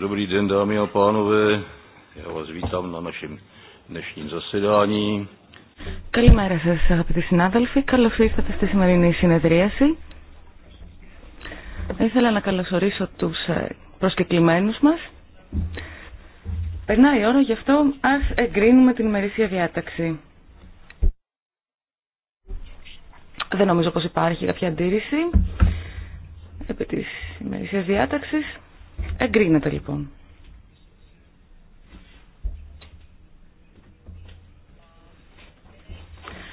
Dobrý den, dámy a pánové. Já vás vítám na našem dnešním Καλημέρα σα αγαπητοί συνάδελφοι. Καλώ ήρθατε στη σημερινή συνεδρίαση. Ήθελα να καλωσορίσω του ε, προσκεκλημένου μα, Περνάει η ώρα, γι' αυτό ας εγκρίνουμε την ημερήσια διάταξη. Δεν νομίζω πω υπάρχει κάποια αντίρρηση επί τη ημερήσια διάταξη. Εγκρίνεται λοιπόν.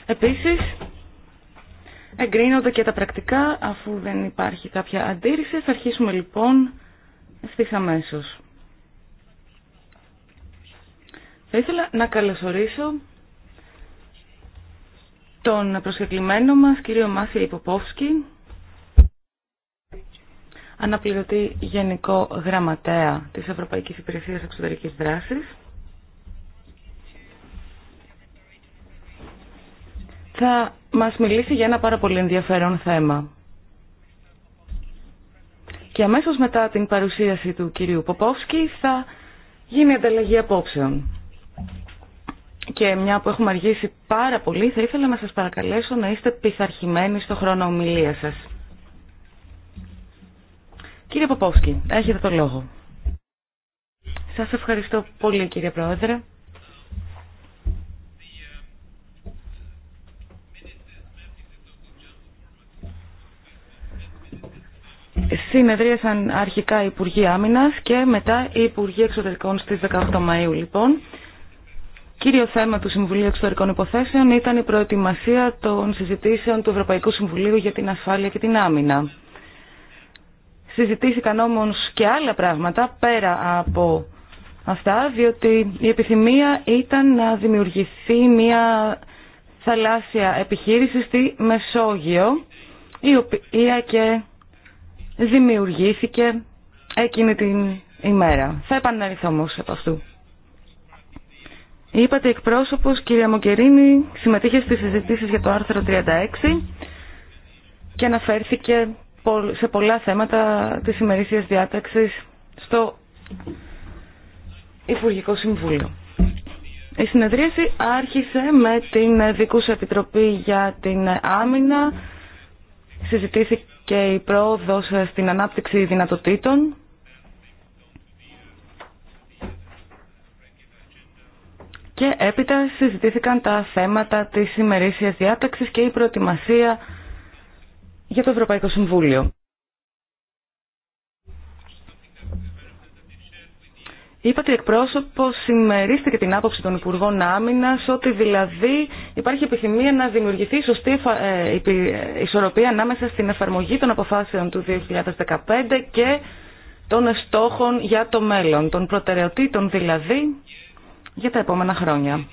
Επίσης, εγκρίνονται και τα πρακτικά, αφού δεν υπάρχει κάποια αντίρρηση. Θα αρχίσουμε λοιπόν ευθύς αμέσως. Θα ήθελα να καλωσορίσω τον προσκεκλημένο μας κύριο μάθια Υποπόφσκι, αναπληρωτή Γενικό Γραμματέα της Ευρωπαϊκής Υπηρεσίας Εξωτερικής Δράσης. Θα μας μιλήσει για ένα πάρα πολύ ενδιαφέρον θέμα. Και αμέσως μετά την παρουσίαση του κυρίου Ποπόφσκι θα γίνει ανταλλαγή απόψεων. Και μια που έχουμε αργήσει πάρα πολύ, θα ήθελα να σας παρακαλέσω να είστε πειθαρχημένοι στο χρόνο ομιλία σας. Κύριε Παπόφσκι, έχετε το λόγο. Σας ευχαριστώ πολύ κύριε Πρόεδρε. Συνεδρίασαν αρχικά οι Υπουργοί Άμυνας και μετά οι Υπουργοί Εξωτερικών στις 18 Μαΐου λοιπόν. Κύριο θέμα του Συμβουλίου Εξωτερικών Υποθέσεων ήταν η προετοιμασία των συζητήσεων του Ευρωπαϊκού Συμβουλίου για την Ασφάλεια και την Άμυνα. Συζητήθηκαν όμω και άλλα πράγματα πέρα από αυτά, διότι η επιθυμία ήταν να δημιουργηθεί μια θαλάσσια επιχείρηση στη Μεσόγειο, η οποία και δημιουργήθηκε εκείνη την ημέρα. Θα επανέλθω όμως από αυτού. Είπατε εκπρόσωπος, κυρία Μοκερίνη, συμμετείχε στις συζητήσεις για το άρθρο 36 και αναφέρθηκε σε πολλά θέματα της ημερήσιας διάταξης στο Υπουργικό Συμβούλιο. Η συνεδρίαση άρχισε με την Δικούσα Επιτροπή για την Άμυνα. Συζητήθηκε η πρόοδος στην ανάπτυξη δυνατοτήτων. Και έπειτα συζητήθηκαν τα θέματα της ημερήσιας διάταξης και η προετοιμασία για το Ευρωπαϊκό Συμβούλιο. Είπα ότι εκπρόσωπο συμμερίστηκε την άποψη των Υπουργών Άμυνα ότι δηλαδή υπάρχει επιθυμία να δημιουργηθεί σωστή ε, ε, ισορροπία ανάμεσα στην εφαρμογή των αποφάσεων του 2015 και των στόχων για το μέλλον, των προτεραιοτήτων δηλαδή για τα επόμενα χρόνια.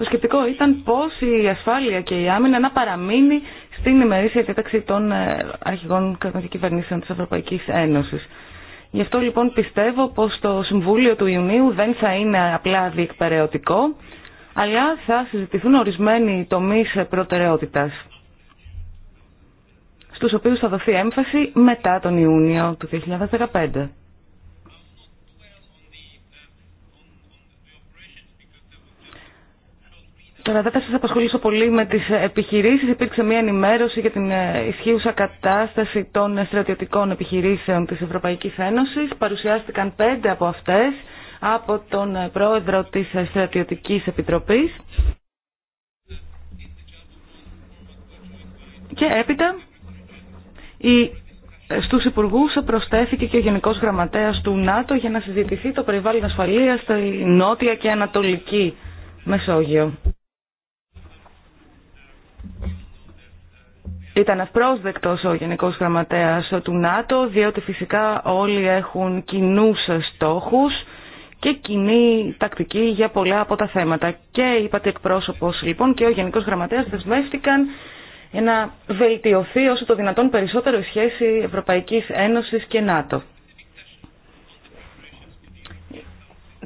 Το σκεπτικό ήταν πώς η ασφάλεια και η άμυνα να παραμείνει στην ημερήσια διάταξη των ε, αρχηγών κυβερνήσεων της Ευρωπαϊκής Ένωσης. Γι' αυτό λοιπόν πιστεύω πως το Συμβούλιο του Ιουνίου δεν θα είναι απλά διεκπαιρεωτικό, αλλά θα συζητηθούν ορισμένοι τομεί προτεραιότητα, στους οποίους θα δοθεί έμφαση μετά τον Ιούνιο του 2015. Τώρα δεν θα σας απασχολήσω πολύ με τις επιχειρήσεις. Υπήρξε μια ενημέρωση για την ε, ισχύουσα κατάσταση των στρατιωτικών επιχειρήσεων της Ευρωπαϊκής Ένωσης. Παρουσιάστηκαν πέντε από αυτές από τον πρόεδρο της Στρατιωτικής Επιτροπής. Και έπειτα η, ε, στους υπουργούς προσθέθηκε και ο Γενικός Γραμματέας του ΝΑΤΟ για να συζητηθεί το περιβάλλον ασφαλείας στη Νότια και Ανατολική Μεσόγειο ήταν ευπρόσδεκτος ο Γενικός Γραμματέας του ΝΑΤΟ, διότι φυσικά όλοι έχουν κοινούς στόχους και κοινή τακτική για πολλά από τα θέματα. Και είπατε εκπρόσωπος λοιπόν και ο Γενικός Γραμματέας δεσμεύτηκαν να βελτιωθεί όσο το δυνατόν περισσότερο η σχέση Ευρωπαϊκής Ένωσης και ΝΑΤΟ.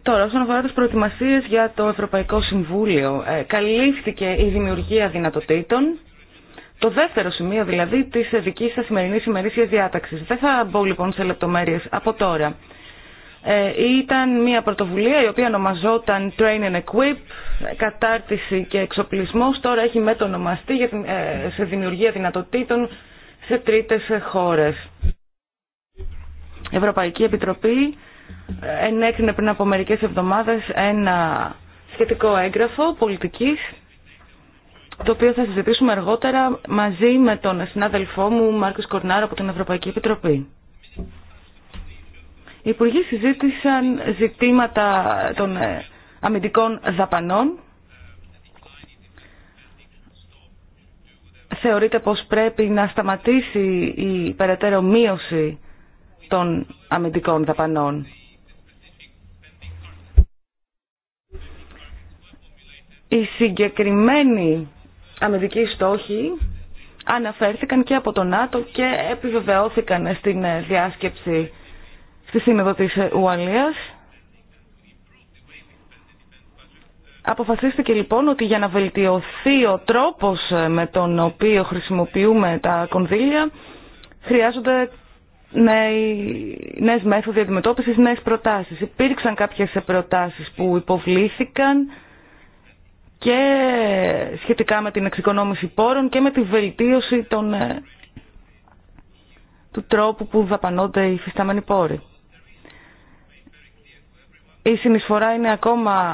Τώρα, όσον αφορά τι προετοιμασίε για το Ευρωπαϊκό Συμβούλιο, ε, καλύφθηκε η δημιουργία δυνατοτήτων. Το δεύτερο σημείο δηλαδή τη δική σα σημερινή ημερήσια διάταξη. Δεν θα μπω λοιπόν σε λεπτομέρειε από τώρα. Ε, ήταν μια πρωτοβουλία η οποία ονομαζόταν Train and Equip, κατάρτιση και εξοπλισμός. Τώρα έχει μετονομαστεί για την, ε, σε δημιουργία δυνατοτήτων σε τρίτες χώρε. Ευρωπαϊκή Επιτροπή ενέκρινε πριν από μερικές εβδομάδες ένα σχετικό έγγραφο πολιτικής το οποίο θα συζητήσουμε αργότερα μαζί με τον συνάδελφό μου Μάρκος Κορνάρα από την Ευρωπαϊκή Επιτροπή. Οι υπουργοί συζήτησαν ζητήματα των ε, αμυντικών δαπανών. Θεωρείται πως πρέπει να σταματήσει η περαιτέρω μείωση των αμυντικών δαπανών. Οι συγκεκριμένοι αμυντικοί στόχοι αναφέρθηκαν και από το ΝΑΤΟ και επιβεβαιώθηκαν στην διάσκεψη στη Σύνοδο της Ουαλίας. Αποφασίστηκε λοιπόν ότι για να βελτιωθεί ο τρόπος με τον οποίο χρησιμοποιούμε τα κονδύλια χρειάζονται νέες μέθοδοι αντιμετώπισης, νέες προτάσεις. Υπήρξαν κάποιες προτάσεις που υποβλήθηκαν και σχετικά με την εξοικονόμηση πόρων και με τη βελτίωση των, ε, του τρόπου που δαπανώνται οι φυσταμένοι πόροι. Η συνεισφορά είναι ακόμα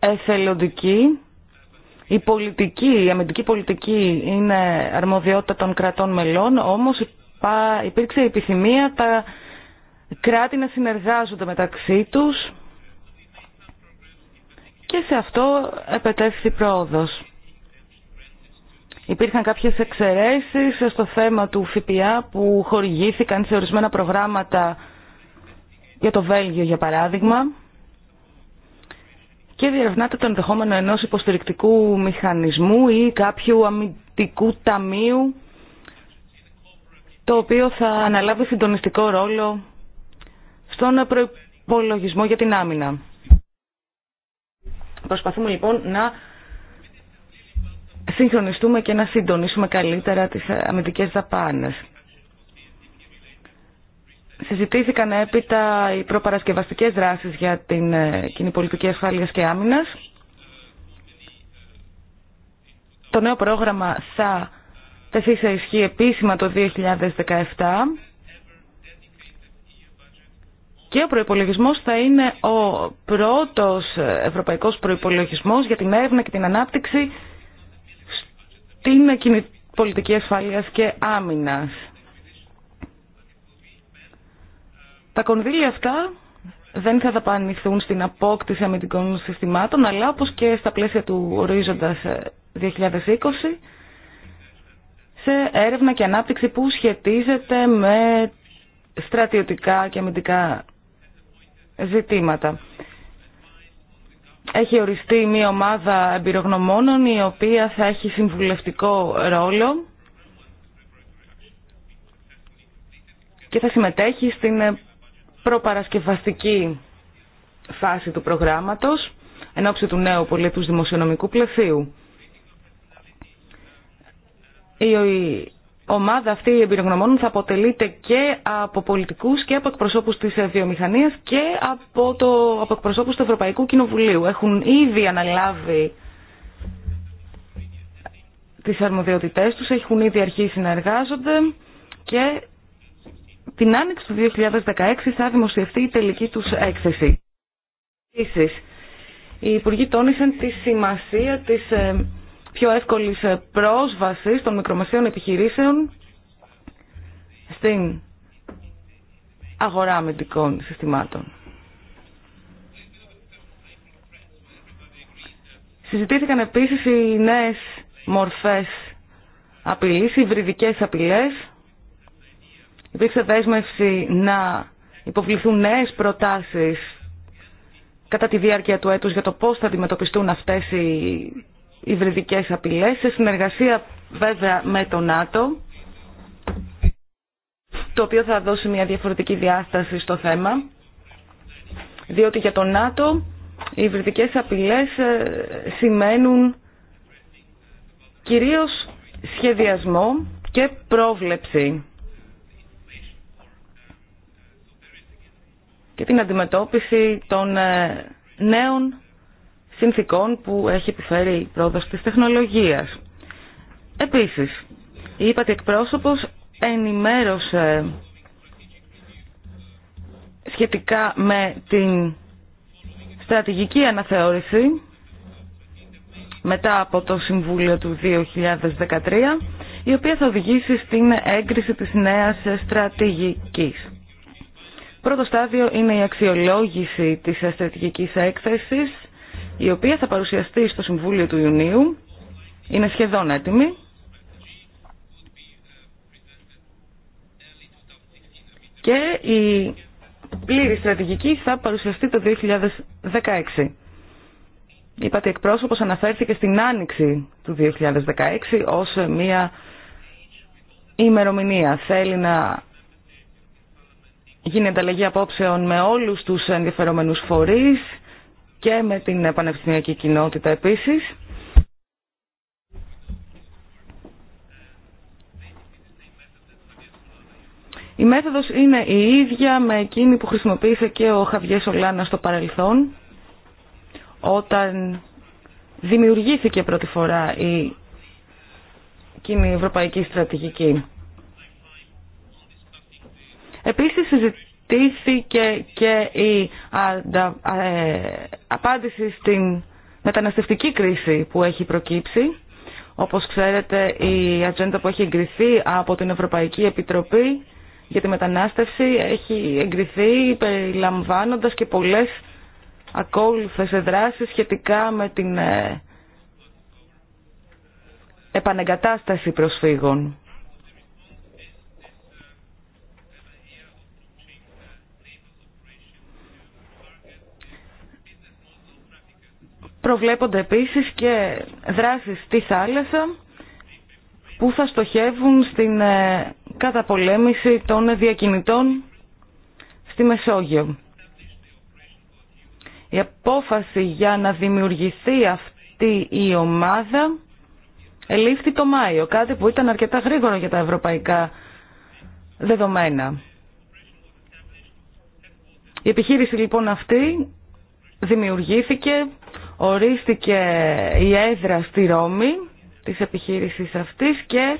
εθελοντική. Η πολιτική, η αμυντική πολιτική είναι αρμοδιότητα των κρατών μελών, όμως υπήρξε επιθυμία τα κράτη να συνεργάζονται μεταξύ τους και σε αυτό επετέφθη πρόοδος. Υπήρχαν κάποιες εξαιρέσεις στο θέμα του ΦΠΑ που χορηγήθηκαν σε ορισμένα προγράμματα για το Βέλγιο για παράδειγμα και διερευνάται το ενδεχόμενο ενός υποστηρικτικού μηχανισμού ή κάποιου αμυντικού ταμείου το οποίο θα αναλάβει συντονιστικό ρόλο στον προϋπολογισμό για την άμυνα. Προσπαθούμε λοιπόν να συγχρονιστούμε και να συντονίσουμε καλύτερα τις αμυντικές δαπάνες. Συζητήθηκαν έπειτα οι προπαρασκευαστικές δράσεις για την ε, κοινή πολιτική ασφάλειας και άμυνας. Το νέο πρόγραμμα θα τεθεί σε ισχύ επίσημα το 2017 και ο προϋπολογισμός θα είναι ο πρώτος ευρωπαϊκός προϋπολογισμός για την έρευνα και την ανάπτυξη στην πολιτική ασφάλειας και άμυνας. Τα κονδύλια αυτά δεν θα δαπανηθούν στην απόκτηση αμυντικών συστημάτων, αλλά όπως και στα πλαίσια του ορίζοντας 2020, ε, σε έρευνα και ανάπτυξη που σχετίζεται με στρατιωτικά και αμυντικά ζητήματα. Έχει οριστεί μια ομάδα εμπειρογνωμόνων η οποία θα έχει συμβουλευτικό ρόλο και θα συμμετέχει στην προπαρασκευαστική φάση του προγράμματος εν του νέου πολίτου δημοσιονομικού πλαισίου. Η ομάδα αυτή η εμπειρογνωμόνων θα αποτελείται και από πολιτικούς και από εκπροσώπους της ε, βιομηχανίας και από, το, από εκπροσώπους του Ευρωπαϊκού Κοινοβουλίου. Έχουν ήδη αναλάβει τις αρμοδιότητές τους, έχουν ήδη αρχίσει να εργάζονται και την άνοιξη του 2016 θα δημοσιευτεί η τελική τους έκθεση. Επίσης, οι Υπουργοί τόνισαν τη σημασία της ε, πιο εύκολη ε, πρόσβαση των μικρομεσαίων επιχειρήσεων στην αγορά αμυντικών συστημάτων. Συζητήθηκαν επίσης οι νέες μορφές απειλής, υβριδικές απειλές. Υπήρξε δέσμευση να υποβληθούν νέες προτάσεις κατά τη διάρκεια του έτους για το πώς θα αντιμετωπιστούν αυτές οι υβριδικές απειλές, σε συνεργασία βέβαια με το ΝΑΤΟ, το οποίο θα δώσει μια διαφορετική διάσταση στο θέμα, διότι για το ΝΑΤΟ οι υβριδικές απειλές ε, σημαίνουν κυρίως σχεδιασμό και πρόβλεψη και την αντιμετώπιση των ε, νέων συνθήκων που έχει επιφέρει η πρόοδος της τεχνολογίας. Επίσης, η ΥΠΑΤΗ εκπρόσωπος ενημέρωσε σχετικά με την στρατηγική αναθεώρηση μετά από το Συμβούλιο του 2013, η οποία θα οδηγήσει στην έγκριση της νέας στρατηγικής. Πρώτο στάδιο είναι η αξιολόγηση της στρατηγικής έκθεσης η οποία θα παρουσιαστεί στο Συμβούλιο του Ιουνίου. Είναι σχεδόν έτοιμη. Και η πλήρη στρατηγική θα παρουσιαστεί το 2016. Είπατε εκπρόσωπος αναφέρθηκε στην άνοιξη του 2016 ως μια ημερομηνία. Θέλει να γίνει ανταλλαγή απόψεων με όλους τους ενδιαφερομένους φορείς, και με την πανεπιστημιακή κοινότητα επίσης. Η μέθοδος είναι η ίδια με εκείνη που χρησιμοποίησε και ο Χαβιέ Σολάνα στο παρελθόν όταν δημιουργήθηκε πρώτη φορά η κοινή ευρωπαϊκή στρατηγική. Επίσης τίθηκε και η ε, απάντηση στην μεταναστευτική κρίση που έχει προκύψει. Όπως ξέρετε, η ατζέντα που έχει εγκριθεί από την Ευρωπαϊκή Επιτροπή για τη μετανάστευση έχει εγκριθεί περιλαμβάνοντας και πολλές ακόλουθες δράσεις σχετικά με την ε, επανεγκατάσταση προσφύγων. προβλέπονται επίσης και δράσεις στη θάλασσα που θα στοχεύουν στην ε, καταπολέμηση των διακινητών στη Μεσόγειο. Η απόφαση για να δημιουργηθεί αυτή η ομάδα ελήφθη το Μάιο, κάτι που ήταν αρκετά γρήγορο για τα ευρωπαϊκά δεδομένα. Η επιχείρηση λοιπόν αυτή δημιουργήθηκε ορίστηκε η έδρα στη Ρώμη της επιχείρησης αυτής και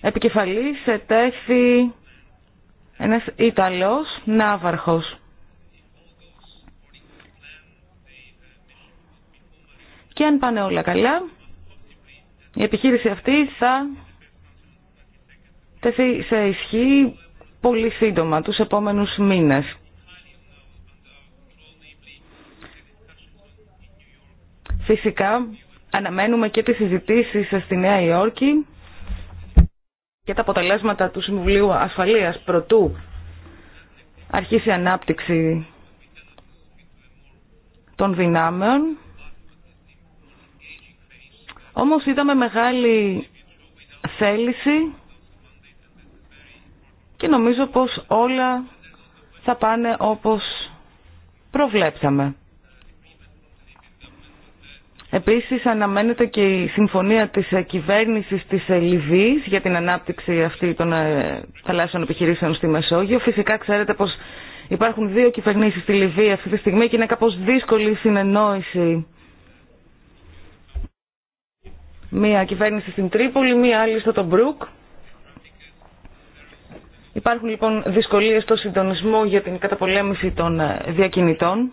επικεφαλής ετέθη ένας Ιταλός ναύαρχος. Και αν πάνε όλα καλά, η επιχείρηση αυτή θα τεθεί σε ισχύ πολύ σύντομα, τους επόμενους μήνες. Φυσικά αναμένουμε και τις συζητήσεις στη Νέα Υόρκη και τα αποτελέσματα του Συμβουλίου Ασφαλείας πρωτού αρχίσει η ανάπτυξη των δυνάμεων. Όμως είδαμε μεγάλη θέληση και νομίζω πως όλα θα πάνε όπως προβλέψαμε. Επίσης αναμένεται και η συμφωνία της ε, κυβέρνησης της ε, Λιβύης για την ανάπτυξη αυτή των ε, θαλάσσιων επιχειρήσεων στη Μεσόγειο. Φυσικά ξέρετε πως υπάρχουν δύο κυβερνήσεις στη Λιβύη αυτή τη στιγμή και είναι κάπως δύσκολη η συνεννόηση. Μία κυβέρνηση στην Τρίπολη, μία άλλη στο Τομπρούκ. Υπάρχουν λοιπόν δυσκολίες στο συντονισμό για την καταπολέμηση των διακινητών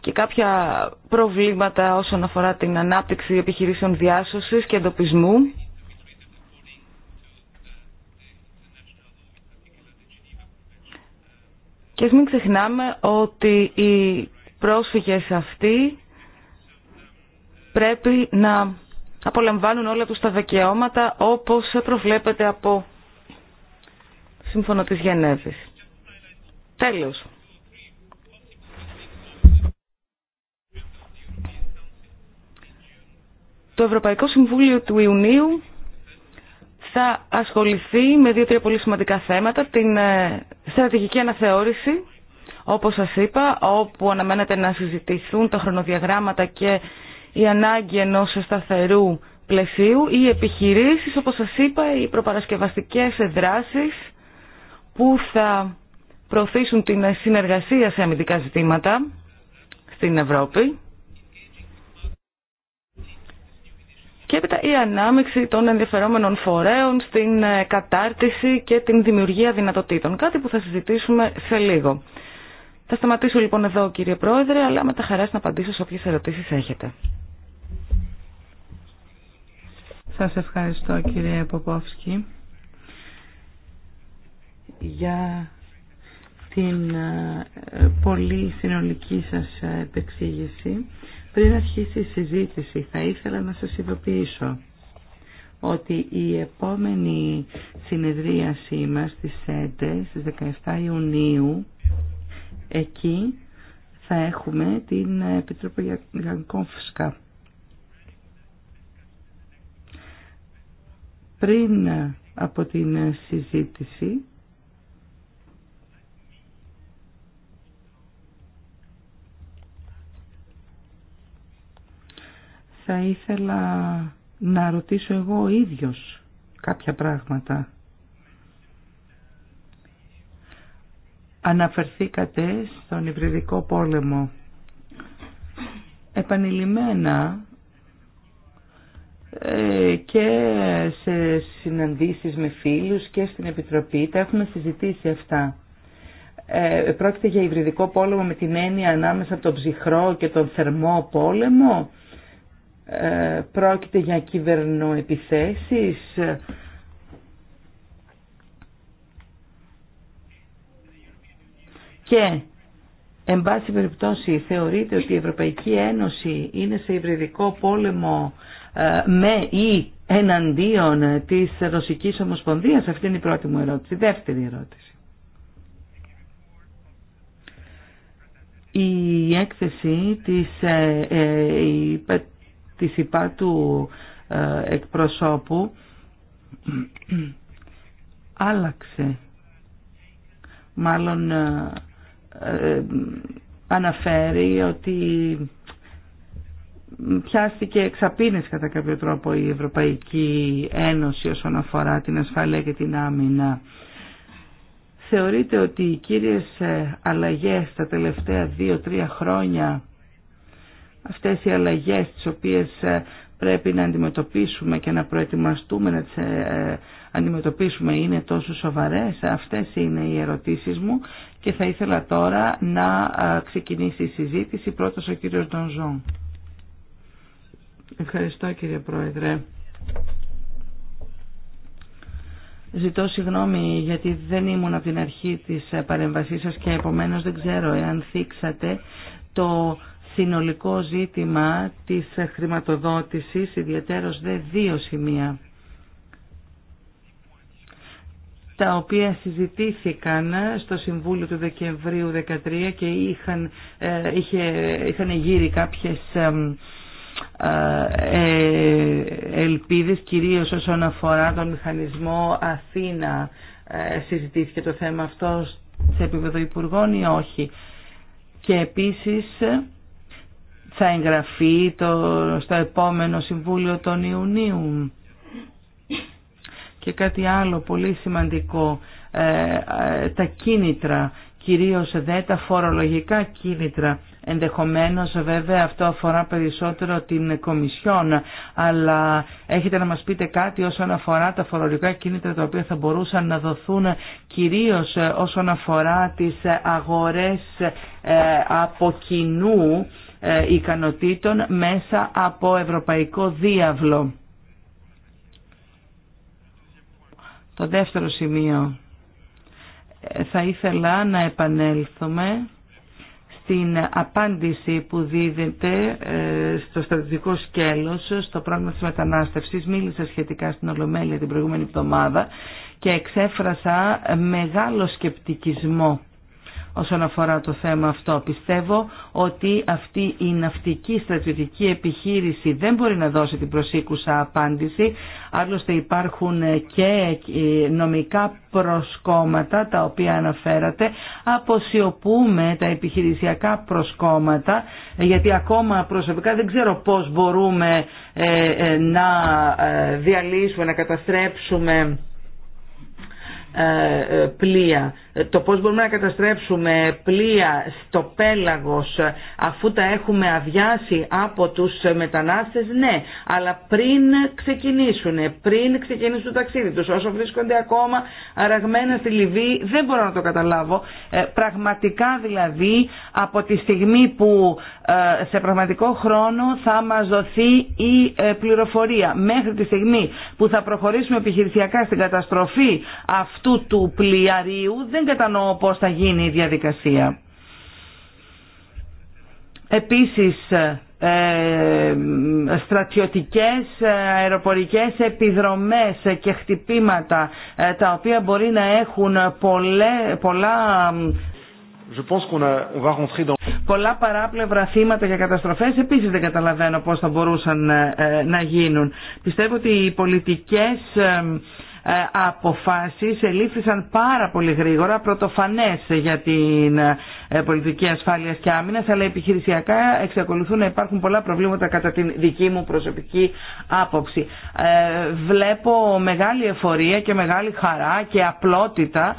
και κάποια προβλήματα όσον αφορά την ανάπτυξη επιχειρήσεων διάσωσης και εντοπισμού. Και μην ξεχνάμε ότι οι πρόσφυγες αυτοί πρέπει να απολαμβάνουν όλα τους τα δικαιώματα όπως προβλέπεται από Σύμφωνο της Γενέβης. Τέλος. Το Ευρωπαϊκό Συμβούλιο του Ιουνίου θα ασχοληθεί με δύο-τρία πολύ σημαντικά θέματα. Την ε, στρατηγική αναθεώρηση, όπως σας είπα, όπου αναμένεται να συζητηθούν τα χρονοδιαγράμματα και η ανάγκη ενός σταθερού πλαισίου. Οι επιχειρήσεις, όπως σας είπα, οι προπαρασκευαστικές δράσεις που θα προωθήσουν την συνεργασία σε αμυντικά ζητήματα στην Ευρώπη. και έπειτα η ανάμειξη των ενδιαφερόμενων φορέων στην ε, κατάρτιση και την δημιουργία δυνατοτήτων. Κάτι που θα συζητήσουμε σε λίγο. Θα σταματήσω λοιπόν εδώ κύριε Πρόεδρε, αλλά με τα χαρά να απαντήσω σε όποιες ερωτήσεις έχετε. Σας ευχαριστώ κύριε Ποπόφσκι για την ε, πολύ συνολική σας ε, επεξήγηση. Πριν αρχίσει η συζήτηση θα ήθελα να σας ειδοποιήσω ότι η επόμενη συνεδρίασή μας στις Σέτε στις 17 Ιουνίου εκεί θα έχουμε την Επιτροπή Γιανκόφσκα. Πριν από την συζήτηση θα ήθελα να ρωτήσω εγώ ο ίδιος κάποια πράγματα. Αναφερθήκατε στον υβριδικό πόλεμο. Επανειλημμένα ε, και σε συναντήσεις με φίλους και στην Επιτροπή τα έχουμε συζητήσει αυτά. Ε, πρόκειται για υβριδικό πόλεμο με την έννοια ανάμεσα από τον ψυχρό και τον θερμό πόλεμο ε, πρόκειται για κυβερνοεπιθέσεις. Και, εν πάση περιπτώσει, θεωρείται ότι η Ευρωπαϊκή Ένωση είναι σε υβριδικό πόλεμο ε, με ή εναντίον της Ρωσικής Ομοσπονδίας. Αυτή είναι η πρώτη μου ερώτηση. Η δεύτερη ερώτηση. Η έκθεση της ρωσικης ε, ομοσπονδιας αυτη ειναι η πρωτη μου ερωτηση δευτερη ερωτηση η εκθεση της της υπάτου του ε, εκπροσώπου άλλαξε. Μάλλον ε, ε, αναφέρει ότι πιάστηκε εξαπίνες κατά κάποιο τρόπο η Ευρωπαϊκή Ένωση όσον αφορά την ασφάλεια και την άμυνα. Θεωρείτε ότι οι κύριες αλλαγές τα τελευταία δύο-τρία χρόνια αυτές οι αλλαγές τις οποίες ε, πρέπει να αντιμετωπίσουμε και να προετοιμαστούμε να τις ε, ε, αντιμετωπίσουμε είναι τόσο σοβαρές. Αυτές είναι οι ερωτήσεις μου και θα ήθελα τώρα να ξεκινήσει η συζήτηση. Πρώτος ο κύριος Ντονζόν. Ευχαριστώ κύριε Πρόεδρε. Ζητώ συγγνώμη γιατί δεν ήμουν από την αρχή της παρέμβασής σας και επομένως δεν ξέρω εάν θίξατε το συνολικό ζήτημα της χρηματοδότησης, ιδιαίτερος δε δύο σημεία, τα οποία συζητήθηκαν στο Συμβούλιο του Δεκεμβρίου 2013 και είχαν, ε, είχε, είχαν γύρει κάποιες ε, ε, ελπίδες, κυρίως όσον αφορά τον μηχανισμό Αθήνα. Ε, συζητήθηκε το θέμα αυτό σε επίπεδο υπουργών ή όχι. Και επίσης θα εγγραφεί το, στο επόμενο Συμβούλιο των Ιουνίου. Και κάτι άλλο πολύ σημαντικό, ε, ε, τα κίνητρα, κυρίως δε τα φορολογικά κίνητρα. Ενδεχομένως βέβαια αυτό αφορά περισσότερο την Κομισιόν, αλλά έχετε να μας πείτε κάτι όσον αφορά τα φορολογικά κίνητρα τα οποία θα μπορούσαν να δοθούν κυρίως ε, όσον αφορά τις αγορές από κοινού ε, ικανοτήτων μέσα από ευρωπαϊκό διάβλο. Το δεύτερο σημείο. Ε, θα ήθελα να επανέλθουμε στην απάντηση που δίδεται ε, στο στρατηγικό σκέλος στο πρόγραμμα της μετανάστευσης. Μίλησα σχετικά στην Ολομέλεια την προηγούμενη εβδομάδα και εξέφρασα μεγάλο σκεπτικισμό όσον αφορά το θέμα αυτό. Πιστεύω ότι αυτή η ναυτική στρατιωτική επιχείρηση δεν μπορεί να δώσει την προσήκουσα απάντηση. Άλλωστε υπάρχουν και ε, νομικά προσκόμματα τα οποία αναφέρατε. Αποσιωπούμε τα επιχειρησιακά προσκόμματα γιατί ακόμα προσωπικά δεν ξέρω πώς μπορούμε ε, ε, να διαλύσουμε, να καταστρέψουμε πλοία. Ε, το πώς μπορούμε να καταστρέψουμε πλοία στο πέλαγος ε, αφού τα έχουμε αδειάσει από τους ε, μετανάστες, ναι, αλλά πριν ξεκινήσουν, πριν ξεκινήσουν το ταξίδι τους, όσο βρίσκονται ακόμα αραγμένα στη Λιβύη, δεν μπορώ να το καταλάβω. πραγματικά δηλαδή από τη στιγμή που σε πραγματικό χρόνο θα μας δοθεί η πληροφορία, μέχρι τη στιγμή που θα προχωρήσουμε επιχειρησιακά στην καταστροφή αυτού του πλοιαρίου, δεν κατανοώ πώς θα γίνει η διαδικασία. Επίσης, ε, στρατιωτικές ε, αεροπορικές επιδρομές και χτυπήματα ε, τα οποία μπορεί να έχουν πολλέ, πολλά Je pense on va Πολλά παράπλευρα θύματα και καταστροφές επίσης δεν καταλαβαίνω πώς θα μπορούσαν ε, να γίνουν. Πιστεύω ότι οι πολιτικές ε, αποφάσεις ελήφθησαν πάρα πολύ γρήγορα, πρωτοφανές για την ε, πολιτική ασφάλειας και άμυνας, αλλά επιχειρησιακά εξακολουθούν να υπάρχουν πολλά προβλήματα κατά την δική μου προσωπική άποψη. Ε, βλέπω μεγάλη εφορία και μεγάλη χαρά και απλότητα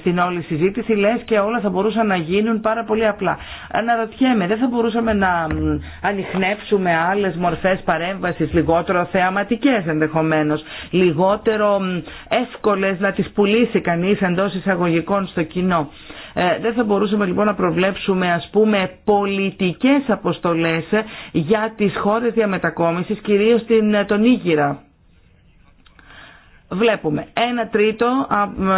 στην όλη συζήτηση, λες και όλα θα μπορούσαν να γίνουν πάρα πολύ απλά. Αναρωτιέμαι, δεν θα μπορούσαμε να ανοιχνεύσουμε άλλες μορφές παρέμβασης, λιγότερο θεαματικές ενδεχομένως, λιγότερο λιγότερο εύκολες να τις πουλήσει κανείς εντός εισαγωγικών στο κοινό. Ε, δεν θα μπορούσαμε λοιπόν να προβλέψουμε ας πούμε πολιτικές αποστολές για τις χώρες διαμετακόμισης, κυρίως την, ε, τον Ήγυρα. Βλέπουμε ένα τρίτο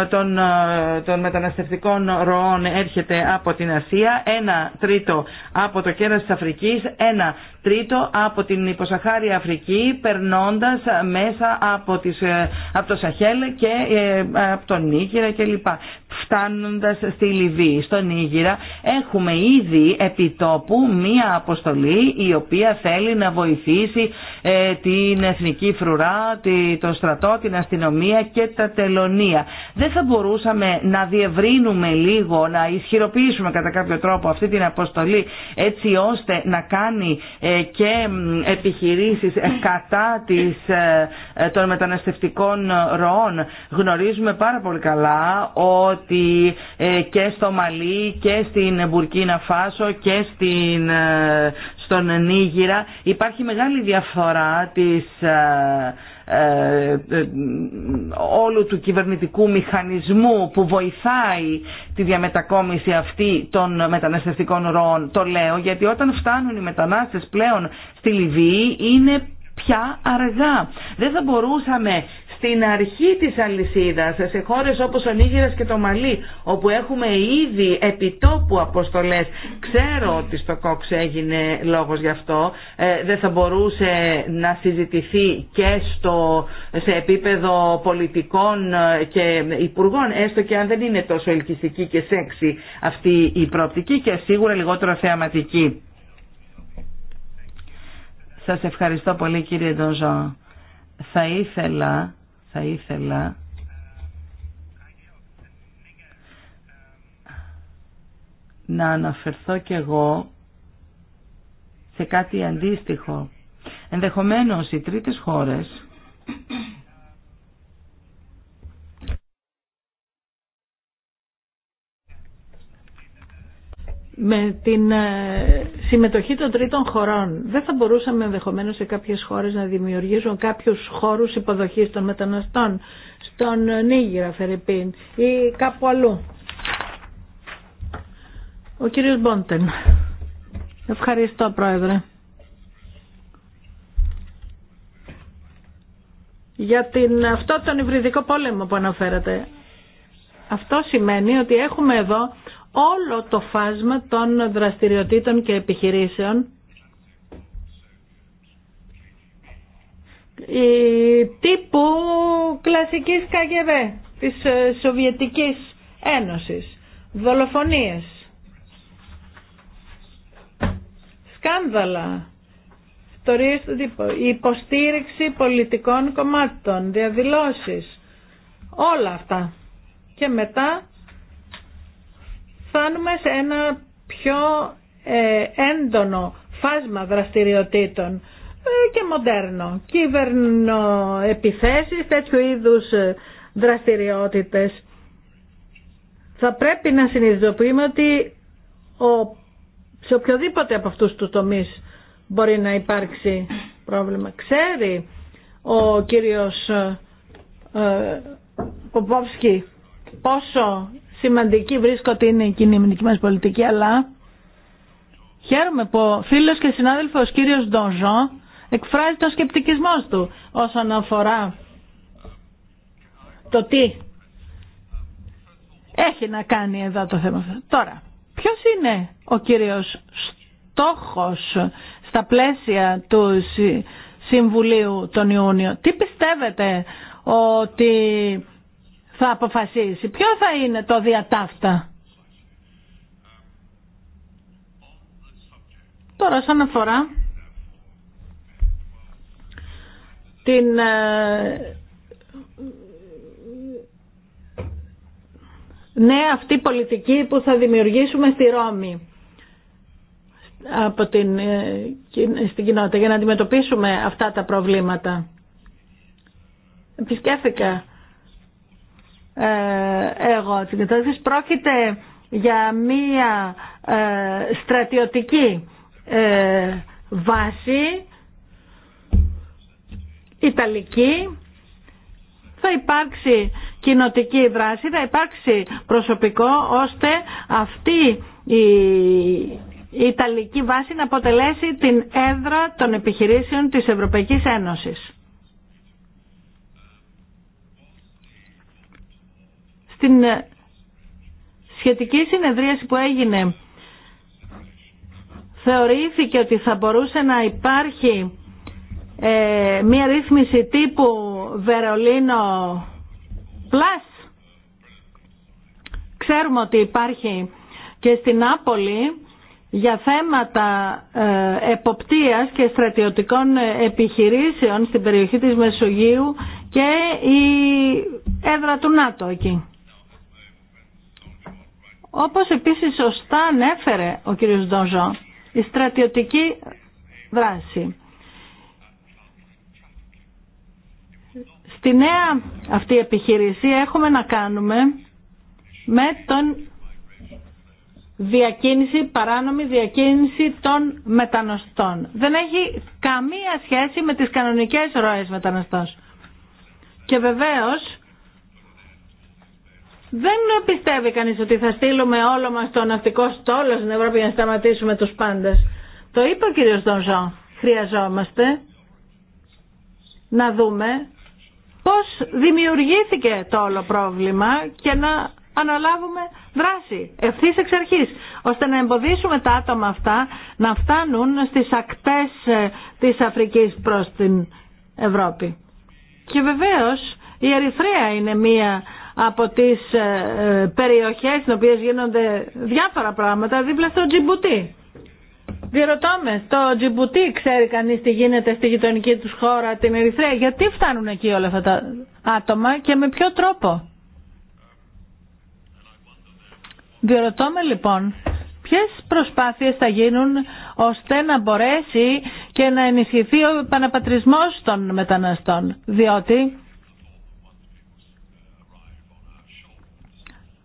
των, ε, των μεταναστευτικών ροών έρχεται από την Ασία, ένα τρίτο από το κέρας της Αφρικής, ένα τρίτο από την υποσαχάρια Αφρική περνώντας μέσα από, τις, ε, το Σαχέλ και ε, από τον Νίγηρα κλπ. Φτάνοντας στη Λιβύη, στον Νίγηρα, έχουμε ήδη επιτόπου μία αποστολή η οποία θέλει να βοηθήσει ε, την Εθνική Φρουρά, το στρατό, την αστυνομία και τα τελωνία. Δεν θα μπορούσαμε να διευρύνουμε λίγο, να ισχυροποιήσουμε κατά κάποιο τρόπο αυτή την αποστολή έτσι ώστε να κάνει ε, και επιχειρήσεις ε, κατά της, ε, των μεταναστευτικών ροών. Γνωρίζουμε πάρα πολύ καλά ότι και στο Μαλί και στην Μπουρκίνα Φάσο και στην, στον Νίγηρα υπάρχει μεγάλη διαφορά της ε, ε, όλου του κυβερνητικού μηχανισμού που βοηθάει τη διαμετακόμιση αυτή των μεταναστευτικών ροών. Το λέω γιατί όταν φτάνουν οι μετανάστες πλέον στη Λιβύη είναι πια αργά. Δεν θα μπορούσαμε στην αρχή της αλυσίδας, σε χώρες όπως ο Νίγηρας και το Μαλί, όπου έχουμε ήδη επιτόπου αποστολές. Ξέρω ότι στο Κόξ έγινε λόγος γι' αυτό. Ε, δεν θα μπορούσε να συζητηθεί και στο, σε επίπεδο πολιτικών ε, και υπουργών, έστω και αν δεν είναι τόσο ελκυστική και σεξι αυτή η προοπτική και σίγουρα λιγότερο θεαματική. Σας ευχαριστώ πολύ κύριε Ντοζό. Θα ήθελα θα ήθελα να αναφερθώ κι εγώ σε κάτι αντίστοιχο. Ενδεχομένως οι τρίτες χώρες με την ε, συμμετοχή των τρίτων χωρών. Δεν θα μπορούσαμε ενδεχομένως σε κάποιες χώρες να δημιουργήσουν κάποιους χώρους υποδοχής των μεταναστών στον Νίγηρα Φερρυπίν ή κάπου αλλού. Ο κύριος Μπόντεν. Ευχαριστώ Πρόεδρε. Για την, αυτό τον υβριδικό πόλεμο που αναφέρατε. Αυτό σημαίνει ότι έχουμε εδώ όλο το φάσμα των δραστηριοτήτων και επιχειρήσεων τύπου κλασικής ΚΑΓΕΒΕ της ε, Σοβιετικής Ένωσης δολοφονίες σκάνδαλα ιστορίες του τύπου υποστήριξη πολιτικών κομμάτων διαδηλώσεις όλα αυτά και μετά φτάνουμε σε ένα πιο ε, έντονο φάσμα δραστηριοτήτων ε, και μοντέρνο. Κυβερνο επιθέσεις, τέτοιου είδους ε, δραστηριότητες. Θα πρέπει να συνειδητοποιούμε ότι ο, σε οποιοδήποτε από αυτούς τους τομείς μπορεί να υπάρξει πρόβλημα. Ξέρει ο κύριος ε, πόσο σημαντική βρίσκω ότι είναι η κοινωνική μας πολιτική, αλλά χαίρομαι που φίλος και συνάδελφος κύριος Ντονζό εκφράζει τον σκεπτικισμό του όσον αφορά το τι έχει να κάνει εδώ το θέμα Τώρα, ποιος είναι ο κύριος στόχος στα πλαίσια του Συμβουλίου τον Ιούνιο. Τι πιστεύετε ότι θα αποφασίσει. Ποιο θα είναι το διατάφτα. Τώρα σαν αφορά την ε, νέα αυτή πολιτική που θα δημιουργήσουμε στη Ρώμη από την, ε, στην κοινότητα για να αντιμετωπίσουμε αυτά τα προβλήματα. Επισκέφθηκα ε, εγώ τις κατάσταση, Πρόκειται για μία ε, στρατιωτική ε, βάση Ιταλική θα υπάρξει κοινοτική δράση, θα υπάρξει προσωπικό ώστε αυτή η η Ιταλική βάση να αποτελέσει την έδρα των επιχειρήσεων της Ευρωπαϊκής Ένωσης. Στην ε, σχετική συνεδρίαση που έγινε θεωρήθηκε ότι θα μπορούσε να υπάρχει ε, μία ρύθμιση τύπου Βερολίνο Plus. Ξέρουμε ότι υπάρχει και στην Άπολη για θέματα ε, εποπτείας και στρατιωτικών επιχειρήσεων στην περιοχή της Μεσογείου και η έδρα του ΝΑΤΟ εκεί. Όπως επίσης σωστά ανέφερε ο κύριος Ντόζο, η στρατιωτική δράση. Στη νέα αυτή επιχείρηση έχουμε να κάνουμε με τον διακίνηση, παράνομη διακίνηση των μετανοστών. Δεν έχει καμία σχέση με τις κανονικές ροές μετανοστών. Και βεβαίως δεν πιστεύει κανείς ότι θα στείλουμε όλο μας το ναυτικό στόλο στην Ευρώπη για να σταματήσουμε τους πάντες. Το είπε ο κύριος Δονζό. Χρειαζόμαστε να δούμε πώς δημιουργήθηκε το όλο πρόβλημα και να αναλάβουμε δράση ευθύ εξ αρχής, ώστε να εμποδίσουμε τα άτομα αυτά να φτάνουν στις ακτές ε, της Αφρικής προς την Ευρώπη. Και βεβαίως η Ερυθρέα είναι μία από τις ε, περιοχές στις οποίες γίνονται διάφορα πράγματα δίπλα στο Τζιμπουτί. Διερωτώμε με, στο Τζιμπουτί ξέρει κανείς τι γίνεται στη γειτονική τους χώρα, την Ερυθρέα. Γιατί φτάνουν εκεί όλα αυτά τα άτομα και με ποιο τρόπο. Διερωτώμε λοιπόν, ποιες προσπάθειες θα γίνουν ώστε να μπορέσει και να ενισχυθεί ο επαναπατρισμός των μεταναστών. Διότι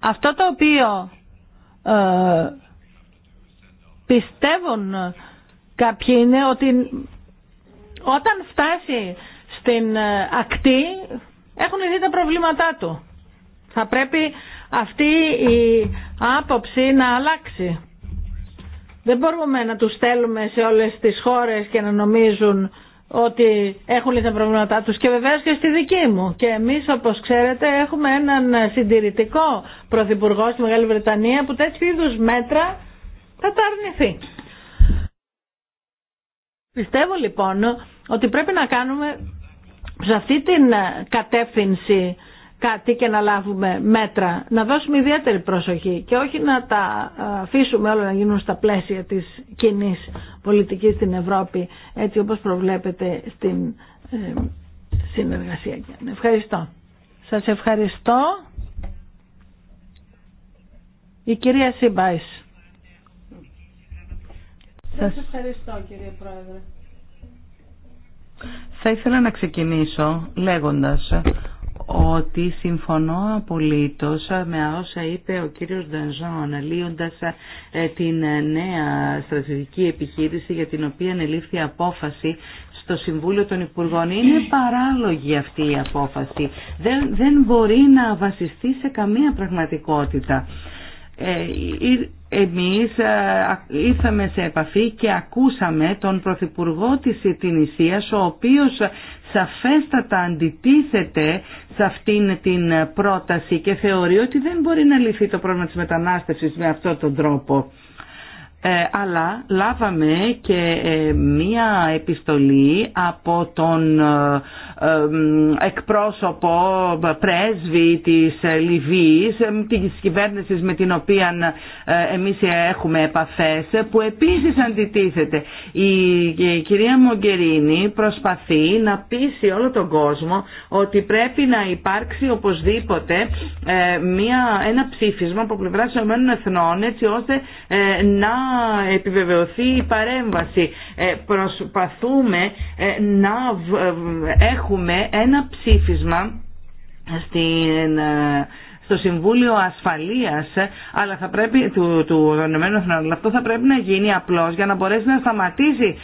Αυτό το οποίο ε, πιστεύουν κάποιοι είναι ότι όταν φτάσει στην ε, ακτή έχουν δει τα προβλήματά του. Θα πρέπει αυτή η άποψη να αλλάξει. Δεν μπορούμε να τους στέλνουμε σε όλες τις χώρες και να νομίζουν ότι έχουν τα προβλήματά τους και βεβαίως και στη δική μου. Και εμείς όπως ξέρετε έχουμε έναν συντηρητικό πρωθυπουργό στη Μεγάλη Βρετανία που τέτοιου είδους μέτρα θα τα αρνηθεί. Πιστεύω λοιπόν ότι πρέπει να κάνουμε σε αυτή την κατεύθυνση κάτι και να λάβουμε μέτρα. Να δώσουμε ιδιαίτερη προσοχή και όχι να τα αφήσουμε όλα να γίνουν στα πλαίσια της κοινή πολιτικής στην Ευρώπη, έτσι όπως προβλέπετε στην ε, συνεργασία. Ευχαριστώ. Σας ευχαριστώ. Η κυρία Σιμπάης. Σας ευχαριστώ κύριε Πρόεδρε. Θα ήθελα να ξεκινήσω λέγοντας ότι συμφωνώ απολύτως με όσα είπε ο κύριος Ντανζόν αναλύοντας ε, την ε, νέα στρατηγική επιχείρηση για την οποία ελήφθη απόφαση στο Συμβούλιο των Υπουργών. Είναι παράλογη αυτή η απόφαση. Δεν, δεν μπορεί να βασιστεί σε καμία πραγματικότητα. Ε, ε εμείς ήρθαμε σε επαφή και ακούσαμε τον Πρωθυπουργό της Τινησίας ο οποίος σαφέστατα αντιτίθεται σε αυτήν την πρόταση και θεωρεί ότι δεν μπορεί να λυθεί το πρόβλημα της μετανάστευσης με αυτόν τον τρόπο. Ε, αλλά λάβαμε και ε, μία επιστολή από τον ε, εκπρόσωπο πρέσβη της Λιβύης, της κυβέρνησης με την οποία εμείς έχουμε επαφές, που επίσης αντιτίθεται. Η κυρία Μογκερίνη προσπαθεί να πείσει όλο τον κόσμο ότι πρέπει να υπάρξει οπωσδήποτε μία, ένα ψήφισμα από πλευρά των εθνών έτσι ώστε να επιβεβαιωθεί η παρέμβαση. Ε, προσπαθούμε ε, να ε, έχουμε ένα ψήφισμα στο Συμβούλιο Ασφαλείας αλλά θα πρέπει, του, του αυτό θα πρέπει να γίνει απλώς για να μπορέσει να σταματήσει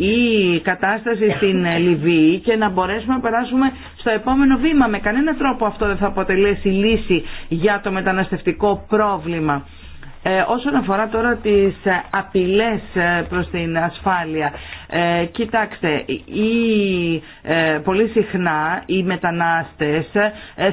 η κατάσταση στην Λιβύη και να μπορέσουμε να περάσουμε στο επόμενο βήμα. Με κανένα τρόπο αυτό δεν θα αποτελέσει λύση για το μεταναστευτικό πρόβλημα. Ε, όσον αφορά τώρα τις απειλές ε, προς την ασφάλεια, ε, κοιτάξτε, πολύ συχνά οι μετανάστες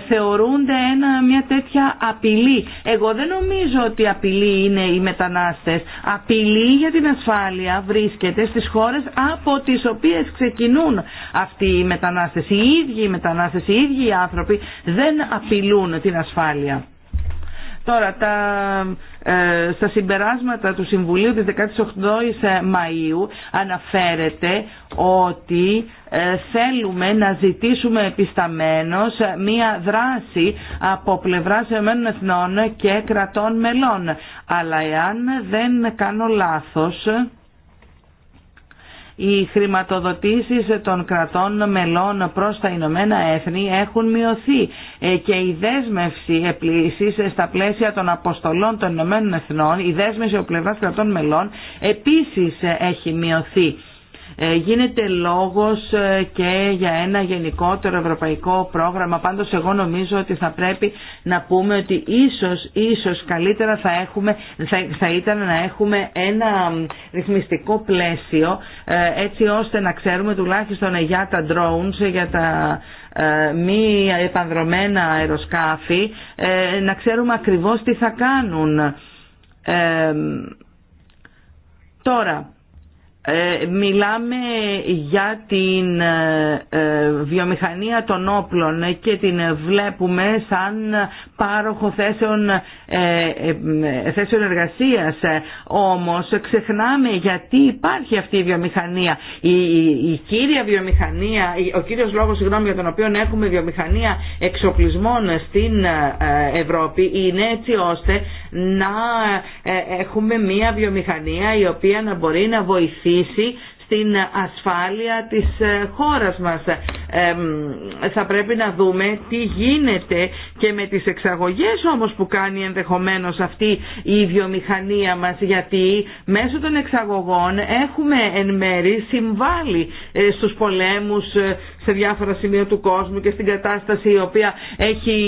θεωρούνται ένα, μια τέτοια απειλή. Εγώ δεν νομίζω ότι απειλή είναι οι μετανάστες. Απειλή για την ασφάλεια βρίσκεται στις χώρες από τις οποίες ξεκινούν αυτοί οι μετανάστες. Οι ίδιοι οι μετανάστες, οι ίδιοι οι άνθρωποι δεν απειλούν την ασφάλεια. Τώρα, τα, ε, στα συμπεράσματα του Συμβουλίου της 18ης Μαΐου αναφέρεται ότι ε, θέλουμε να ζητήσουμε επισταμένως ε, μία δράση από πλευράς ΕΕ και κρατών μελών. Αλλά εάν δεν κάνω λάθος... Οι χρηματοδοτήσεις των κρατών μελών προς τα Ηνωμένα Έθνη έχουν μειωθεί ε, και η δέσμευση επίσης στα πλαίσια των αποστολών των Ηνωμένων Εθνών, η δέσμευση ο πλευράς κρατών μελών επίσης ε, έχει μειωθεί. Ε, γίνεται λόγος ε, και για ένα γενικότερο ευρωπαϊκό πρόγραμμα. Πάντως εγώ νομίζω ότι θα πρέπει να πούμε ότι ίσως, ίσως καλύτερα θα, έχουμε, θα, ήταν να έχουμε ένα ρυθμιστικό πλαίσιο ε, έτσι ώστε να ξέρουμε τουλάχιστον για τα drones, για τα μη επανδρομένα αεροσκάφη, να ξέρουμε ακριβώς τι θα κάνουν. Τώρα, ε, μιλάμε για την ε, ε, βιομηχανία των όπλων και την βλέπουμε σαν πάροχο θέσεων, θέσεων εργασίας. Όμως ξεχνάμε γιατί υπάρχει αυτή η βιομηχανία. Η, η, κύρια βιομηχανία, ο κύριος λόγος συγγνώμη, για τον οποίο έχουμε βιομηχανία εξοπλισμών στην Ευρώπη είναι έτσι ώστε να έχουμε μια βιομηχανία η οποία να μπορεί να βοηθεί λύση στην ασφάλεια της ε, χώρας μας. Θα πρέπει να δούμε τι γίνεται και με τις εξαγωγές όμως που κάνει ενδεχομένως αυτή η βιομηχανία μας γιατί μέσω των εξαγωγών έχουμε εν μέρη συμβάλει ε, στους πολέμους ε, σε διάφορα σημεία του κόσμου και στην κατάσταση η οποία έχει,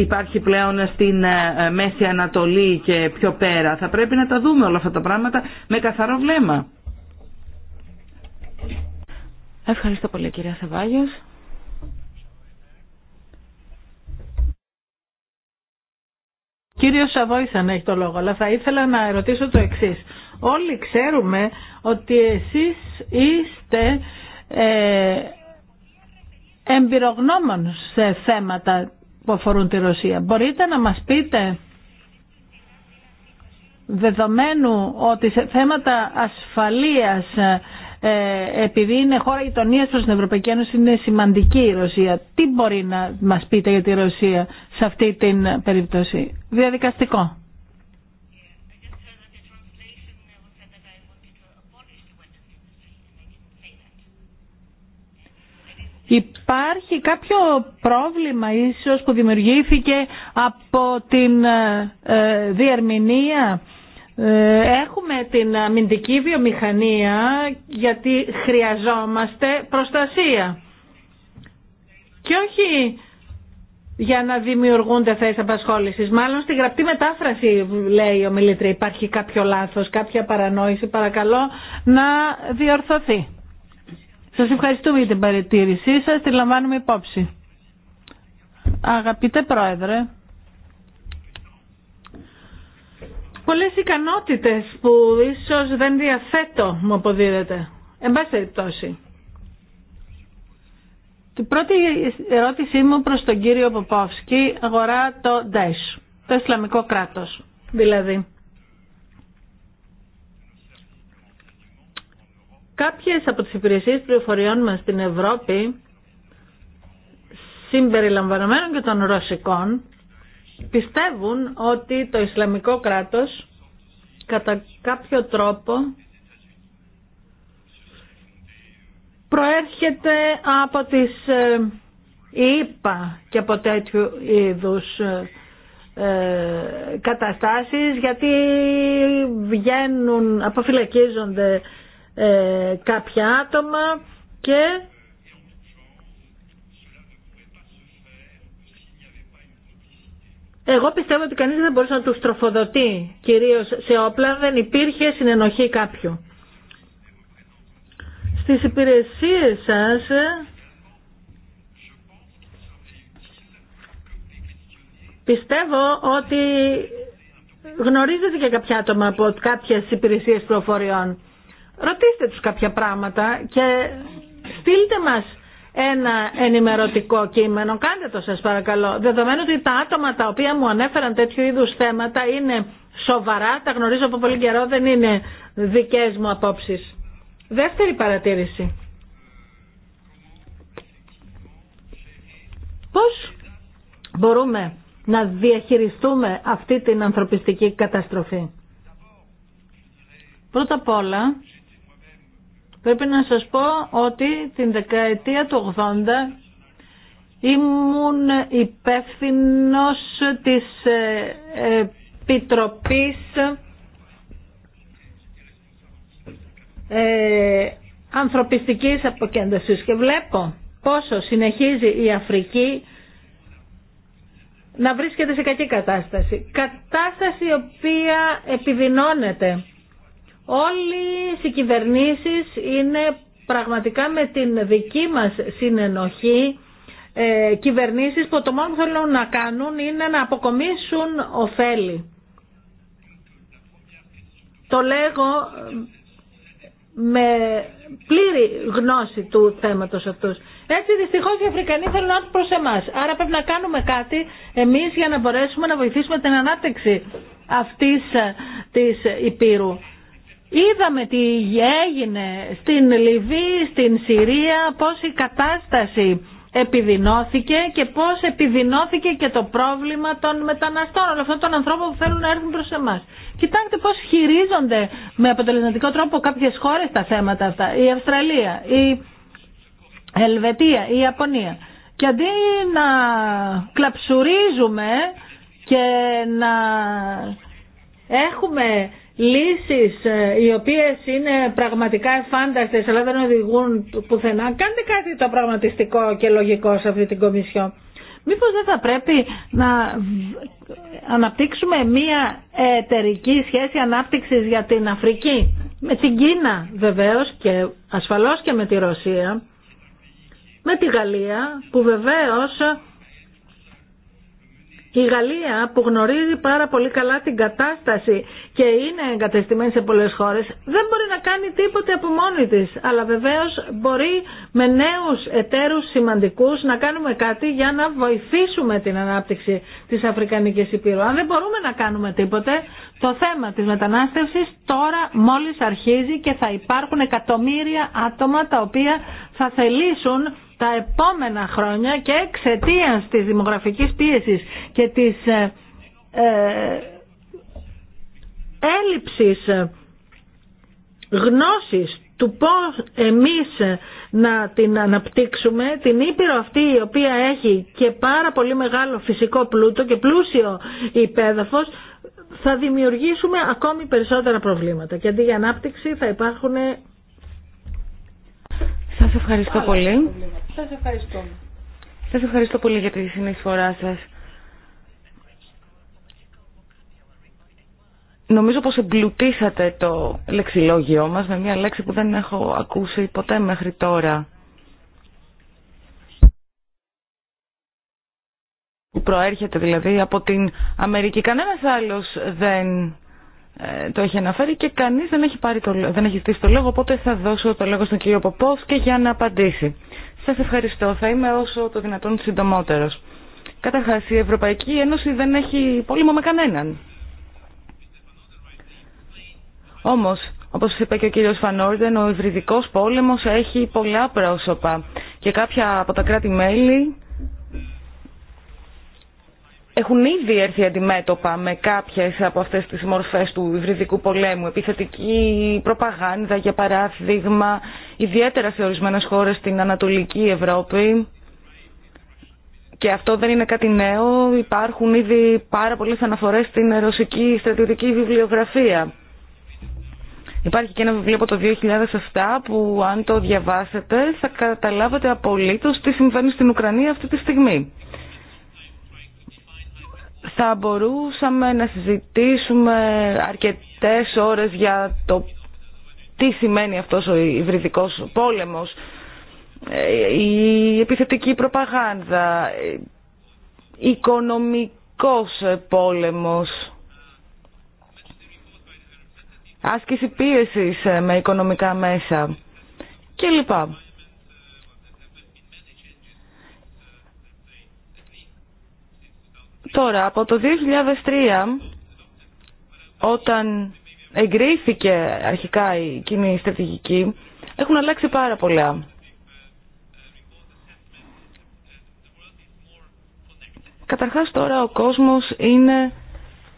υπάρχει πλέον στην Μέση Ανατολή και πιο πέρα. Θα πρέπει να τα δούμε όλα αυτά τα πράγματα με καθαρό βλέμμα. Ευχαριστώ πολύ κυρία Σαβάγιος. Κύριο αν έχει το λόγο, αλλά θα ήθελα να ερωτήσω το εξής. Όλοι ξέρουμε ότι εσείς είστε ε, εμπειρογνώμων σε θέματα που αφορούν τη Ρωσία. Μπορείτε να μας πείτε δεδομένου ότι σε θέματα ασφαλείας ε, επειδή είναι χώρα γειτονία προ την Ευρωπαϊκή Ένωση, είναι σημαντική η Ρωσία. Τι μπορεί να μας πείτε για τη Ρωσία σε αυτή την περίπτωση. Διαδικαστικό. Υπάρχει κάποιο πρόβλημα ίσως που δημιουργήθηκε από την ε, ε, διερμηνία ε, έχουμε την αμυντική βιομηχανία γιατί χρειαζόμαστε προστασία και όχι για να δημιουργούνται θέσει απασχόλησης. Μάλλον στη γραπτή μετάφραση λέει ο Μιλήτρη υπάρχει κάποιο λάθος, κάποια παρανόηση. Παρακαλώ να διορθωθεί. Σας ευχαριστούμε για την παρατήρησή σας, τη λαμβάνουμε υπόψη. Αγαπητέ Πρόεδρε, πολλές ικανότητες που ίσως δεν διαθέτω μου αποδίδεται. Εν πάση περιπτώσει. Την πρώτη ερώτησή μου προς τον κύριο Ποπόφσκι αγορά το Ντάις, το Ισλαμικό κράτος δηλαδή. Κάποιες από τις υπηρεσίες πληροφοριών μας στην Ευρώπη, συμπεριλαμβανομένων και των ρωσικών, πιστεύουν ότι το Ισλαμικό κράτος κατά κάποιο τρόπο προέρχεται από τις ε, ΙΠΑ και από τέτοιου είδους ε, ε, καταστάσεις γιατί βγαίνουν, αποφυλακίζονται κάποια άτομα και Εγώ πιστεύω ότι κανείς δεν μπορούσε να του τροφοδοτεί, κυρίως σε όπλα, δεν υπήρχε συνενοχή κάποιου. Στις υπηρεσίες σας, ε, πιστεύω ότι γνωρίζετε και κάποια άτομα από κάποιες υπηρεσίες πληροφοριών. Ρωτήστε τους κάποια πράγματα και στείλτε μας ένα ενημερωτικό κείμενο. Κάντε το σας παρακαλώ. Δεδομένου ότι τα άτομα τα οποία μου ανέφεραν τέτοιου είδους θέματα είναι σοβαρά, τα γνωρίζω από πολύ καιρό, δεν είναι δικές μου απόψεις. Δεύτερη παρατήρηση. Πώς μπορούμε να διαχειριστούμε αυτή την ανθρωπιστική καταστροφή. Πρώτα απ' όλα, Πρέπει να σας πω ότι την δεκαετία του 80 ήμουν υπεύθυνο της ε, Επιτροπής ε, Ανθρωπιστικής Αποκέντρωσης και βλέπω πόσο συνεχίζει η Αφρική να βρίσκεται σε κακή κατάσταση. Κατάσταση η οποία επιδεινώνεται Όλοι οι κυβερνήσεις είναι πραγματικά με την δική μας συνενοχή ε, κυβερνήσεις που το μόνο που θέλουν να κάνουν είναι να αποκομίσουν ωφέλη. Το λέγω ε, με πλήρη γνώση του θέματος αυτούς. Έτσι δυστυχώς οι Αφρικανοί θέλουν να προς εμάς. Άρα πρέπει να κάνουμε κάτι εμείς για να μπορέσουμε να βοηθήσουμε την ανάπτυξη αυτής ε, της Υπήρου. Είδαμε τι έγινε στην Λιβύη, στην Συρία, πώς η κατάσταση επιδεινώθηκε και πώς επιδεινώθηκε και το πρόβλημα των μεταναστών, όλων αυτών των ανθρώπων που θέλουν να έρθουν προς εμάς. Κοιτάξτε πώς χειρίζονται με αποτελεσματικό τρόπο κάποιες χώρες τα θέματα αυτά. Η Αυστραλία, η Ελβετία, η Ιαπωνία. Και αντί να κλαψουρίζουμε και να έχουμε λύσεις ε, οι οποίες είναι πραγματικά εφάνταστες αλλά δεν οδηγούν πουθενά, κάντε κάτι το πραγματιστικό και λογικό σε αυτή την Κομισιό. Μήπως δεν θα πρέπει να αναπτύξουμε μία εταιρική σχέση ανάπτυξης για την Αφρική. Με την Κίνα βεβαίως και ασφαλώς και με τη Ρωσία. Με τη Γαλλία που βεβαίως η Γαλλία που γνωρίζει πάρα πολύ καλά την κατάσταση και είναι εγκατεστημένη σε πολλές χώρες δεν μπορεί να κάνει τίποτε από μόνη της. Αλλά βεβαίως μπορεί με νέους εταίρους σημαντικούς να κάνουμε κάτι για να βοηθήσουμε την ανάπτυξη της Αφρικανικής Υπήρου. Αν δεν μπορούμε να κάνουμε τίποτε, το θέμα της μετανάστευσης τώρα μόλις αρχίζει και θα υπάρχουν εκατομμύρια άτομα τα οποία θα θελήσουν τα επόμενα χρόνια και εξαιτία της δημογραφικής πίεσης και της ε, ε, έλλειψης γνώσης του πώς εμείς να την αναπτύξουμε, την Ήπειρο αυτή η οποία έχει και πάρα πολύ μεγάλο φυσικό πλούτο και πλούσιο υπέδαφος, θα δημιουργήσουμε ακόμη περισσότερα προβλήματα. Και αντί για ανάπτυξη θα υπάρχουν σας ευχαριστώ πολύ. Σα ευχαριστώ. ευχαριστώ πολύ για τη συνεισφορά σας. Νομίζω πως εμπλουτίσατε το λεξιλόγιο μας με μια λέξη που δεν έχω ακούσει ποτέ μέχρι τώρα. Που προέρχεται δηλαδή από την Αμερική. Κανένας άλλος δεν ε, το έχει αναφέρει και κανείς δεν έχει, πάρει το, δεν έχει το λόγο, οπότε θα δώσω το λόγο στον κύριο Ποπόφ και για να απαντήσει. Σας ευχαριστώ. Θα είμαι όσο το δυνατόν συντομότερος. Καταρχάς, η Ευρωπαϊκή Ένωση δεν έχει πόλεμο με κανέναν. Όμως, όπως είπε και ο κύριος Φανόρντεν, ο υβριδικός πόλεμος έχει πολλά πρόσωπα και κάποια από τα κράτη-μέλη έχουν ήδη έρθει αντιμέτωπα με κάποιες από αυτές τις μορφές του υβριδικού πολέμου, επιθετική προπαγάνδα για παράδειγμα, ιδιαίτερα σε ορισμένες χώρες στην Ανατολική Ευρώπη. Και αυτό δεν είναι κάτι νέο, υπάρχουν ήδη πάρα πολλές αναφορές στην ρωσική στρατιωτική βιβλιογραφία. Υπάρχει και ένα βιβλίο από το 2007 που αν το διαβάσετε θα καταλάβετε απολύτως τι συμβαίνει στην Ουκρανία αυτή τη στιγμή θα μπορούσαμε να συζητήσουμε αρκετές ώρες για το τι σημαίνει αυτός ο υβριδικός πόλεμος, ε, η επιθετική προπαγάνδα, ε, οικονομικός πόλεμος, άσκηση πίεσης ε, με οικονομικά μέσα κλπ. Τώρα, από το 2003, όταν εγκρίθηκε αρχικά η κοινή στρατηγική, έχουν αλλάξει πάρα πολλά. Καταρχάς τώρα ο κόσμος είναι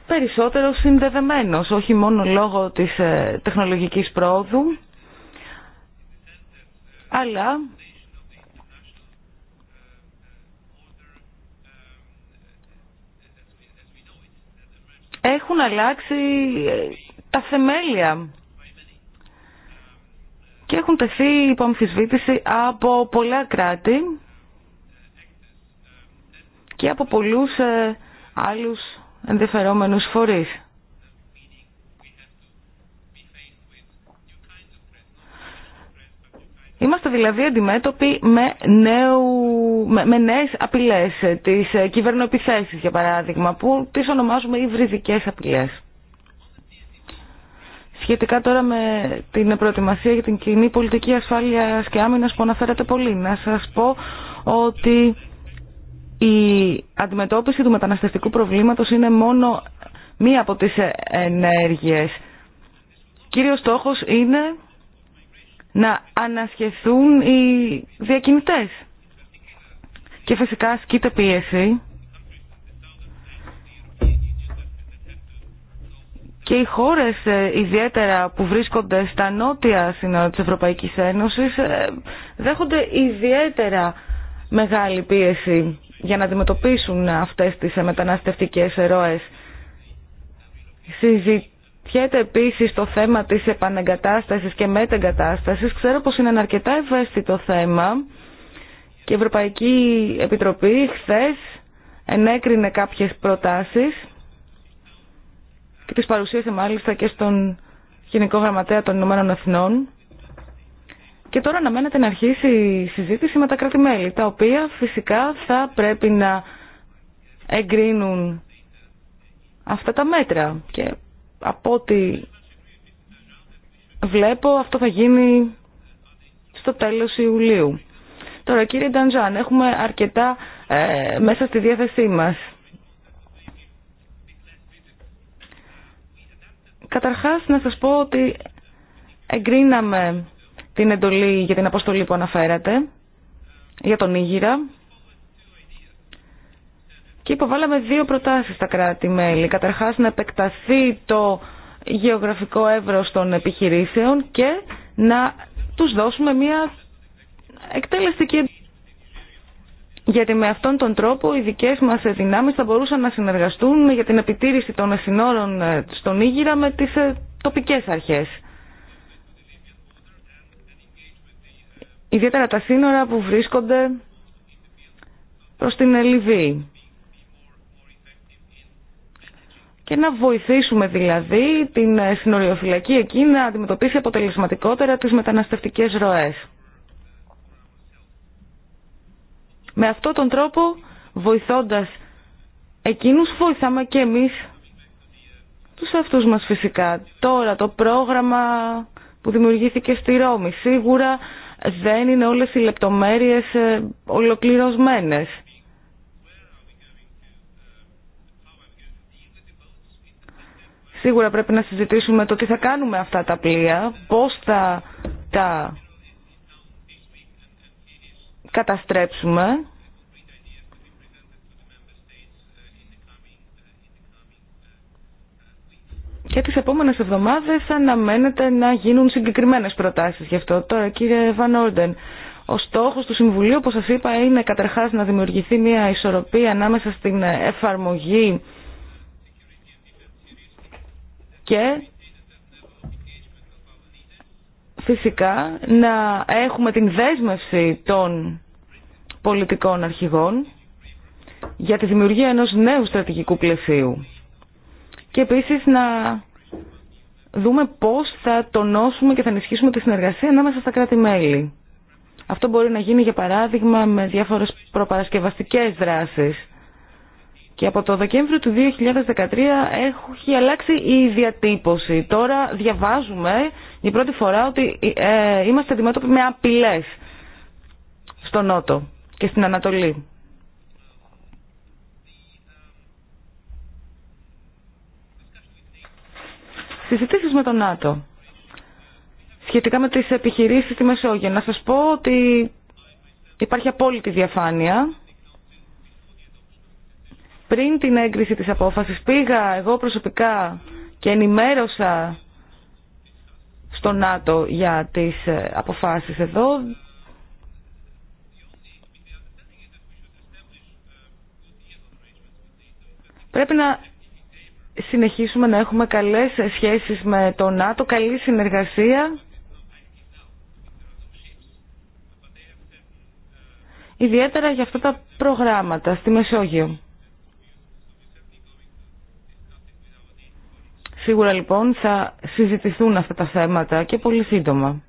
περισσότερο συνδεδεμένος, όχι μόνο λόγω της ε, τεχνολογικής πρόοδου, αλλά έχουν αλλάξει ε, τα θεμέλια και έχουν τεθεί υπό αμφισβήτηση από πολλά κράτη και από πολλούς ε, άλλους ενδιαφερόμενους φορείς. Είμαστε δηλαδή αντιμέτωποι με, νέου, με, με νέες απειλές, ε, τις ε, κυβερνοεπιθέσεις για παράδειγμα, που τις ονομάζουμε υβριδικές απειλές. Σχετικά τώρα με την προετοιμασία για την κοινή πολιτική ασφάλειας και άμυνας που αναφέρατε πολύ, να σας πω ότι η αντιμετώπιση του μεταναστευτικού προβλήματος είναι μόνο μία από τις ε, ενέργειες. Κύριος στόχος είναι να ανασχεθούν οι διακινητές. Και φυσικά ασκείται πίεση και οι χώρες ε, ιδιαίτερα που βρίσκονται στα νότια σύνορα της Ευρωπαϊκής Ένωσης ε, δέχονται ιδιαίτερα μεγάλη πίεση για να αντιμετωπίσουν αυτές τις ε, μεταναστευτικές ροές. Πιέται επίσης το θέμα της επανεγκατάστασης και μετεγκατάστασης. Ξέρω πως είναι ένα αρκετά ευαίσθητο θέμα και η Ευρωπαϊκή Επιτροπή χθε ενέκρινε κάποιες προτάσεις και τις παρουσίασε μάλιστα και στον Γενικό Γραμματέα των Ηνωμένων Εθνών. Και τώρα αναμένεται να αρχίσει η συζήτηση με τα κράτη-μέλη, τα οποία φυσικά θα πρέπει να εγκρίνουν αυτά τα μέτρα. Και από ό,τι βλέπω αυτό θα γίνει στο τέλος Ιουλίου. Τώρα κύριε Νταντζάν, έχουμε αρκετά ε, μέσα στη διάθεσή μας. Καταρχάς να σας πω ότι εγκρίναμε την εντολή για την αποστολή που αναφέρατε, για τον Ήγηρα, και υποβάλαμε δύο προτάσεις στα κράτη-μέλη. Καταρχάς να επεκταθεί το γεωγραφικό εύρος των επιχειρήσεων και να τους δώσουμε μια εκτελεστική γιατί με αυτόν τον τρόπο οι δικές μας δυνάμεις θα μπορούσαν να συνεργαστούν για την επιτήρηση των συνόρων ε, στον Ήγυρα με τις ε, τοπικές αρχές. Ιδιαίτερα τα σύνορα που βρίσκονται προς την Λιβύη. και να βοηθήσουμε δηλαδή την συνοριοφυλακή εκεί να αντιμετωπίσει αποτελεσματικότερα τις μεταναστευτικές ροές. Με αυτόν τον τρόπο, βοηθώντας εκείνους, βοηθάμε και εμείς τους αυτούς μας φυσικά. Τώρα το πρόγραμμα που δημιουργήθηκε στη Ρώμη σίγουρα δεν είναι όλες οι λεπτομέρειες ε, ολοκληρωσμένες. Σίγουρα πρέπει να συζητήσουμε το τι θα κάνουμε αυτά τα πλοία, πώς θα τα καταστρέψουμε. Και τις επόμενες εβδομάδες αναμένεται να γίνουν συγκεκριμένες προτάσεις γι' αυτό. Τώρα κύριε Βαν Όρντεν, ο στόχος του Συμβουλίου, όπως σας είπα, είναι καταρχάς να δημιουργηθεί μια ισορροπία ανάμεσα στην εφαρμογή και φυσικά να έχουμε την δέσμευση των πολιτικών αρχηγών για τη δημιουργία ενός νέου στρατηγικού πλαισίου. Και επίσης να δούμε πώς θα τονώσουμε και θα ενισχύσουμε τη συνεργασία ανάμεσα στα κράτη-μέλη. Αυτό μπορεί να γίνει για παράδειγμα με διάφορες προπαρασκευαστικές δράσεις και από το Δεκέμβριο του 2013 έχει αλλάξει η διατύπωση. Τώρα διαβάζουμε για πρώτη φορά ότι ε, είμαστε αντιμέτωποι με απειλές στο Νότο και στην Ανατολή. Συζητήσεις με τον ΝΑΤΟ σχετικά με τις επιχειρήσεις στη Μεσόγειο. Να σας πω ότι υπάρχει απόλυτη διαφάνεια πριν την έγκριση της απόφασης πήγα εγώ προσωπικά και ενημέρωσα στο ΝΑΤΟ για τις ε, αποφάσεις εδώ. Πρέπει να συνεχίσουμε να έχουμε καλές σχέσεις με το ΝΑΤΟ, καλή συνεργασία. Ιδιαίτερα για αυτά τα προγράμματα στη Μεσόγειο. Σίγουρα λοιπόν θα συζητηθούν αυτά τα θέματα και πολύ σύντομα.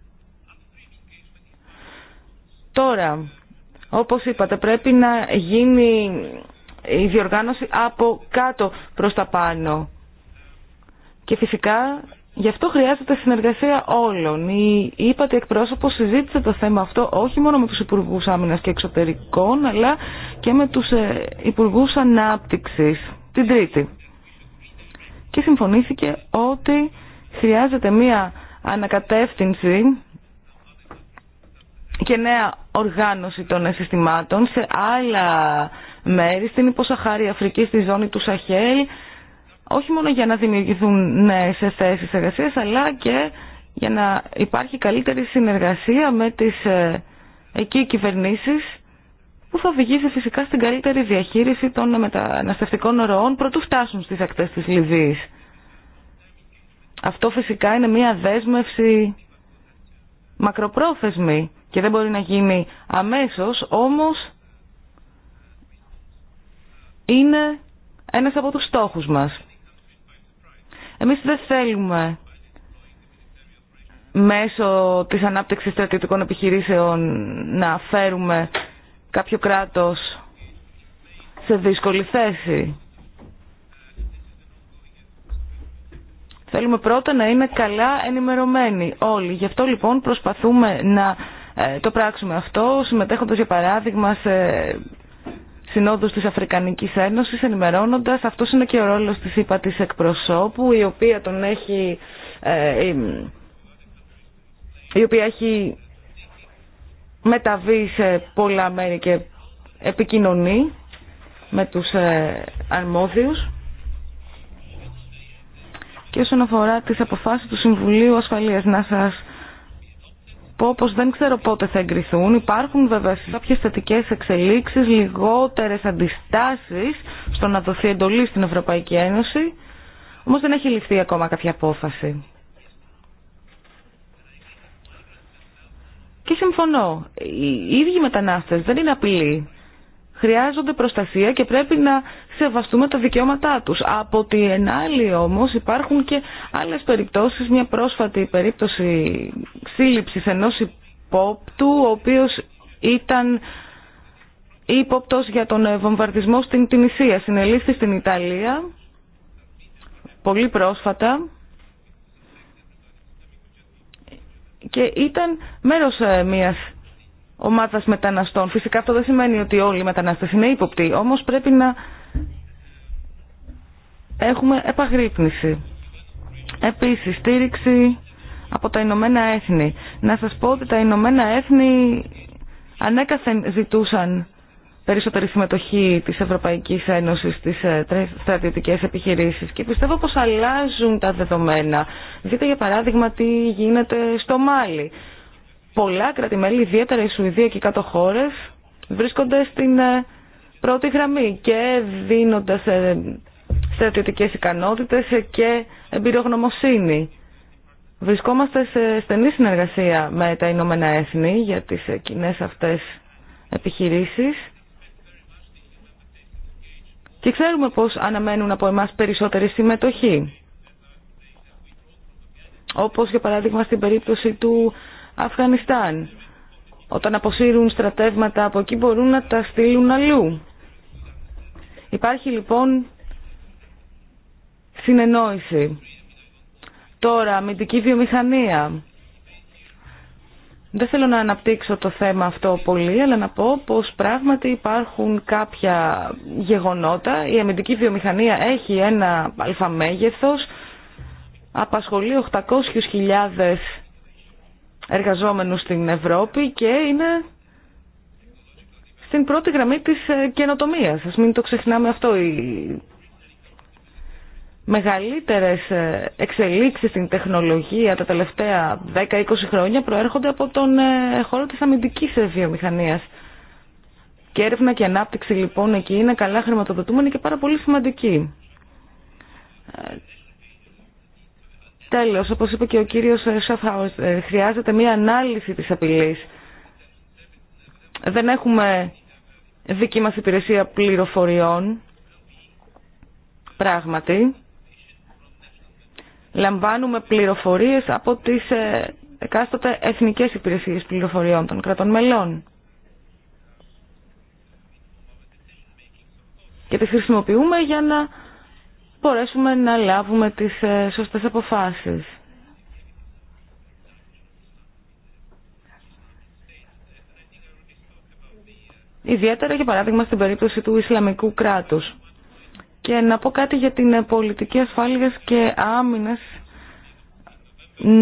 Τώρα, όπως είπατε, πρέπει να γίνει η διοργάνωση από κάτω προς τα πάνω. Και φυσικά γι' αυτό χρειάζεται συνεργασία όλων. Η είπατε εκπρόσωπο συζήτησε το θέμα αυτό όχι μόνο με τους Υπουργούς Άμυνας και Εξωτερικών, αλλά και με τους ε, Υπουργούς Ανάπτυξης την Τρίτη και συμφωνήθηκε ότι χρειάζεται μία ανακατεύθυνση και νέα οργάνωση των συστημάτων σε άλλα μέρη, στην υποσαχάρη Αφρική, στη ζώνη του Σαχέλ, όχι μόνο για να δημιουργηθούν νέες θέσεις εργασίας, αλλά και για να υπάρχει καλύτερη συνεργασία με τις ε, εκεί κυβερνήσεις που θα οδηγήσει φυσικά στην καλύτερη διαχείριση των μεταναστευτικών ροών προτού φτάσουν στις ακτές της Λιβύης. Αυτό φυσικά είναι μια δέσμευση μακροπρόθεσμη και δεν μπορεί να γίνει αμέσως, όμως είναι ένας από τους στόχους μας. Εμείς δεν θέλουμε μέσω της ανάπτυξης στρατιωτικών επιχειρήσεων να φέρουμε κάποιο κράτος σε δύσκολη θέση. Θέλουμε πρώτα να είναι καλά ενημερωμένοι όλοι. Γι' αυτό λοιπόν προσπαθούμε να ε, το πράξουμε αυτό, συμμετέχοντας για παράδειγμα σε συνόδους της Αφρικανικής Ένωσης, ενημερώνοντας. Αυτός είναι και ο ρόλος της ΥΠΑ της εκπροσώπου, η οποία τον έχει... Ε, η οποία έχει μεταβεί σε πολλά μέρη και επικοινωνεί με τους ε, αρμόδιους και όσον αφορά τις αποφάσεις του Συμβουλίου Ασφαλείας να σας πω πως δεν ξέρω πότε θα εγκριθούν υπάρχουν βέβαια κάποιες θετικές εξελίξεις λιγότερες αντιστάσεις στο να δοθεί εντολή στην Ευρωπαϊκή Ένωση όμως δεν έχει ληφθεί ακόμα κάποια απόφαση Και συμφωνώ, οι ίδιοι μετανάστες δεν είναι απειλή. Χρειάζονται προστασία και πρέπει να σεβαστούμε τα δικαιώματά τους. Από την άλλη όμως υπάρχουν και άλλες περιπτώσεις, μια πρόσφατη περίπτωση σύλληψης ενός υπόπτου, ο οποίος ήταν ύποπτος για τον ε, βομβαρδισμό στην Τινησία. Συνελήφθη στην Ιταλία, πολύ πρόσφατα, και ήταν μέρος ε, μιας ομάδας μεταναστών. Φυσικά αυτό δεν σημαίνει ότι όλοι οι μετανάστες είναι ύποπτοι, όμως πρέπει να έχουμε επαγρύπνηση. Επίσης, στήριξη από τα Ηνωμένα Έθνη. Να σας πω ότι τα Ηνωμένα Έθνη ανέκαθεν ζητούσαν περισσότερη συμμετοχή της Ευρωπαϊκής Ένωσης στις ε, στρατιωτικέ επιχειρήσει και πιστεύω πως αλλάζουν τα δεδομένα. Δείτε για παράδειγμα τι γίνεται στο Μάλι. Πολλά κρατημέλη, ιδιαίτερα η Σουηδία και οι κάτω χώρε, βρίσκονται στην ε, πρώτη γραμμή και δίνοντας ε, στρατιωτικές ικανότητες και εμπειρογνωμοσύνη. Βρισκόμαστε σε στενή συνεργασία με τα Ηνωμένα Έθνη για τις κοινέ αυτές επιχειρήσεις και ξέρουμε πως αναμένουν από εμάς περισσότερη συμμετοχή. Όπως για παράδειγμα στην περίπτωση του Αφγανιστάν. Όταν αποσύρουν στρατεύματα από εκεί μπορούν να τα στείλουν αλλού. Υπάρχει λοιπόν συνεννόηση. Τώρα, αμυντική βιομηχανία. Δεν θέλω να αναπτύξω το θέμα αυτό πολύ, αλλά να πω πως πράγματι υπάρχουν κάποια γεγονότα. Η αμυντική βιομηχανία έχει ένα αλφαμέγεθος, απασχολεί 800.000 εργαζόμενους στην Ευρώπη και είναι στην πρώτη γραμμή της καινοτομίας. Ας μην το ξεχνάμε αυτό. Η μεγαλύτερες ε, εξελίξεις στην τεχνολογία τα τελευταία 10-20 χρόνια προέρχονται από τον ε, χώρο της αμυντικής ε, βιομηχανίας. Και έρευνα και ανάπτυξη λοιπόν εκεί είναι καλά χρηματοδοτούμενη και πάρα πολύ σημαντική. Τέλος, όπως είπε και ο κύριος Σαφάος, χρειάζεται μία ανάλυση της απειλής. Δεν έχουμε δική μας υπηρεσία πληροφοριών, πράγματι λαμβάνουμε πληροφορίες από τις ε, εκάστοτε εθνικές υπηρεσίες πληροφοριών των κρατών μελών. Και τις χρησιμοποιούμε για να μπορέσουμε να λάβουμε τις ε, σωστές αποφάσεις. Ιδιαίτερα, για παράδειγμα, στην περίπτωση του Ισλαμικού κράτους. Και να πω κάτι για την πολιτική ασφάλειας και Άμυνα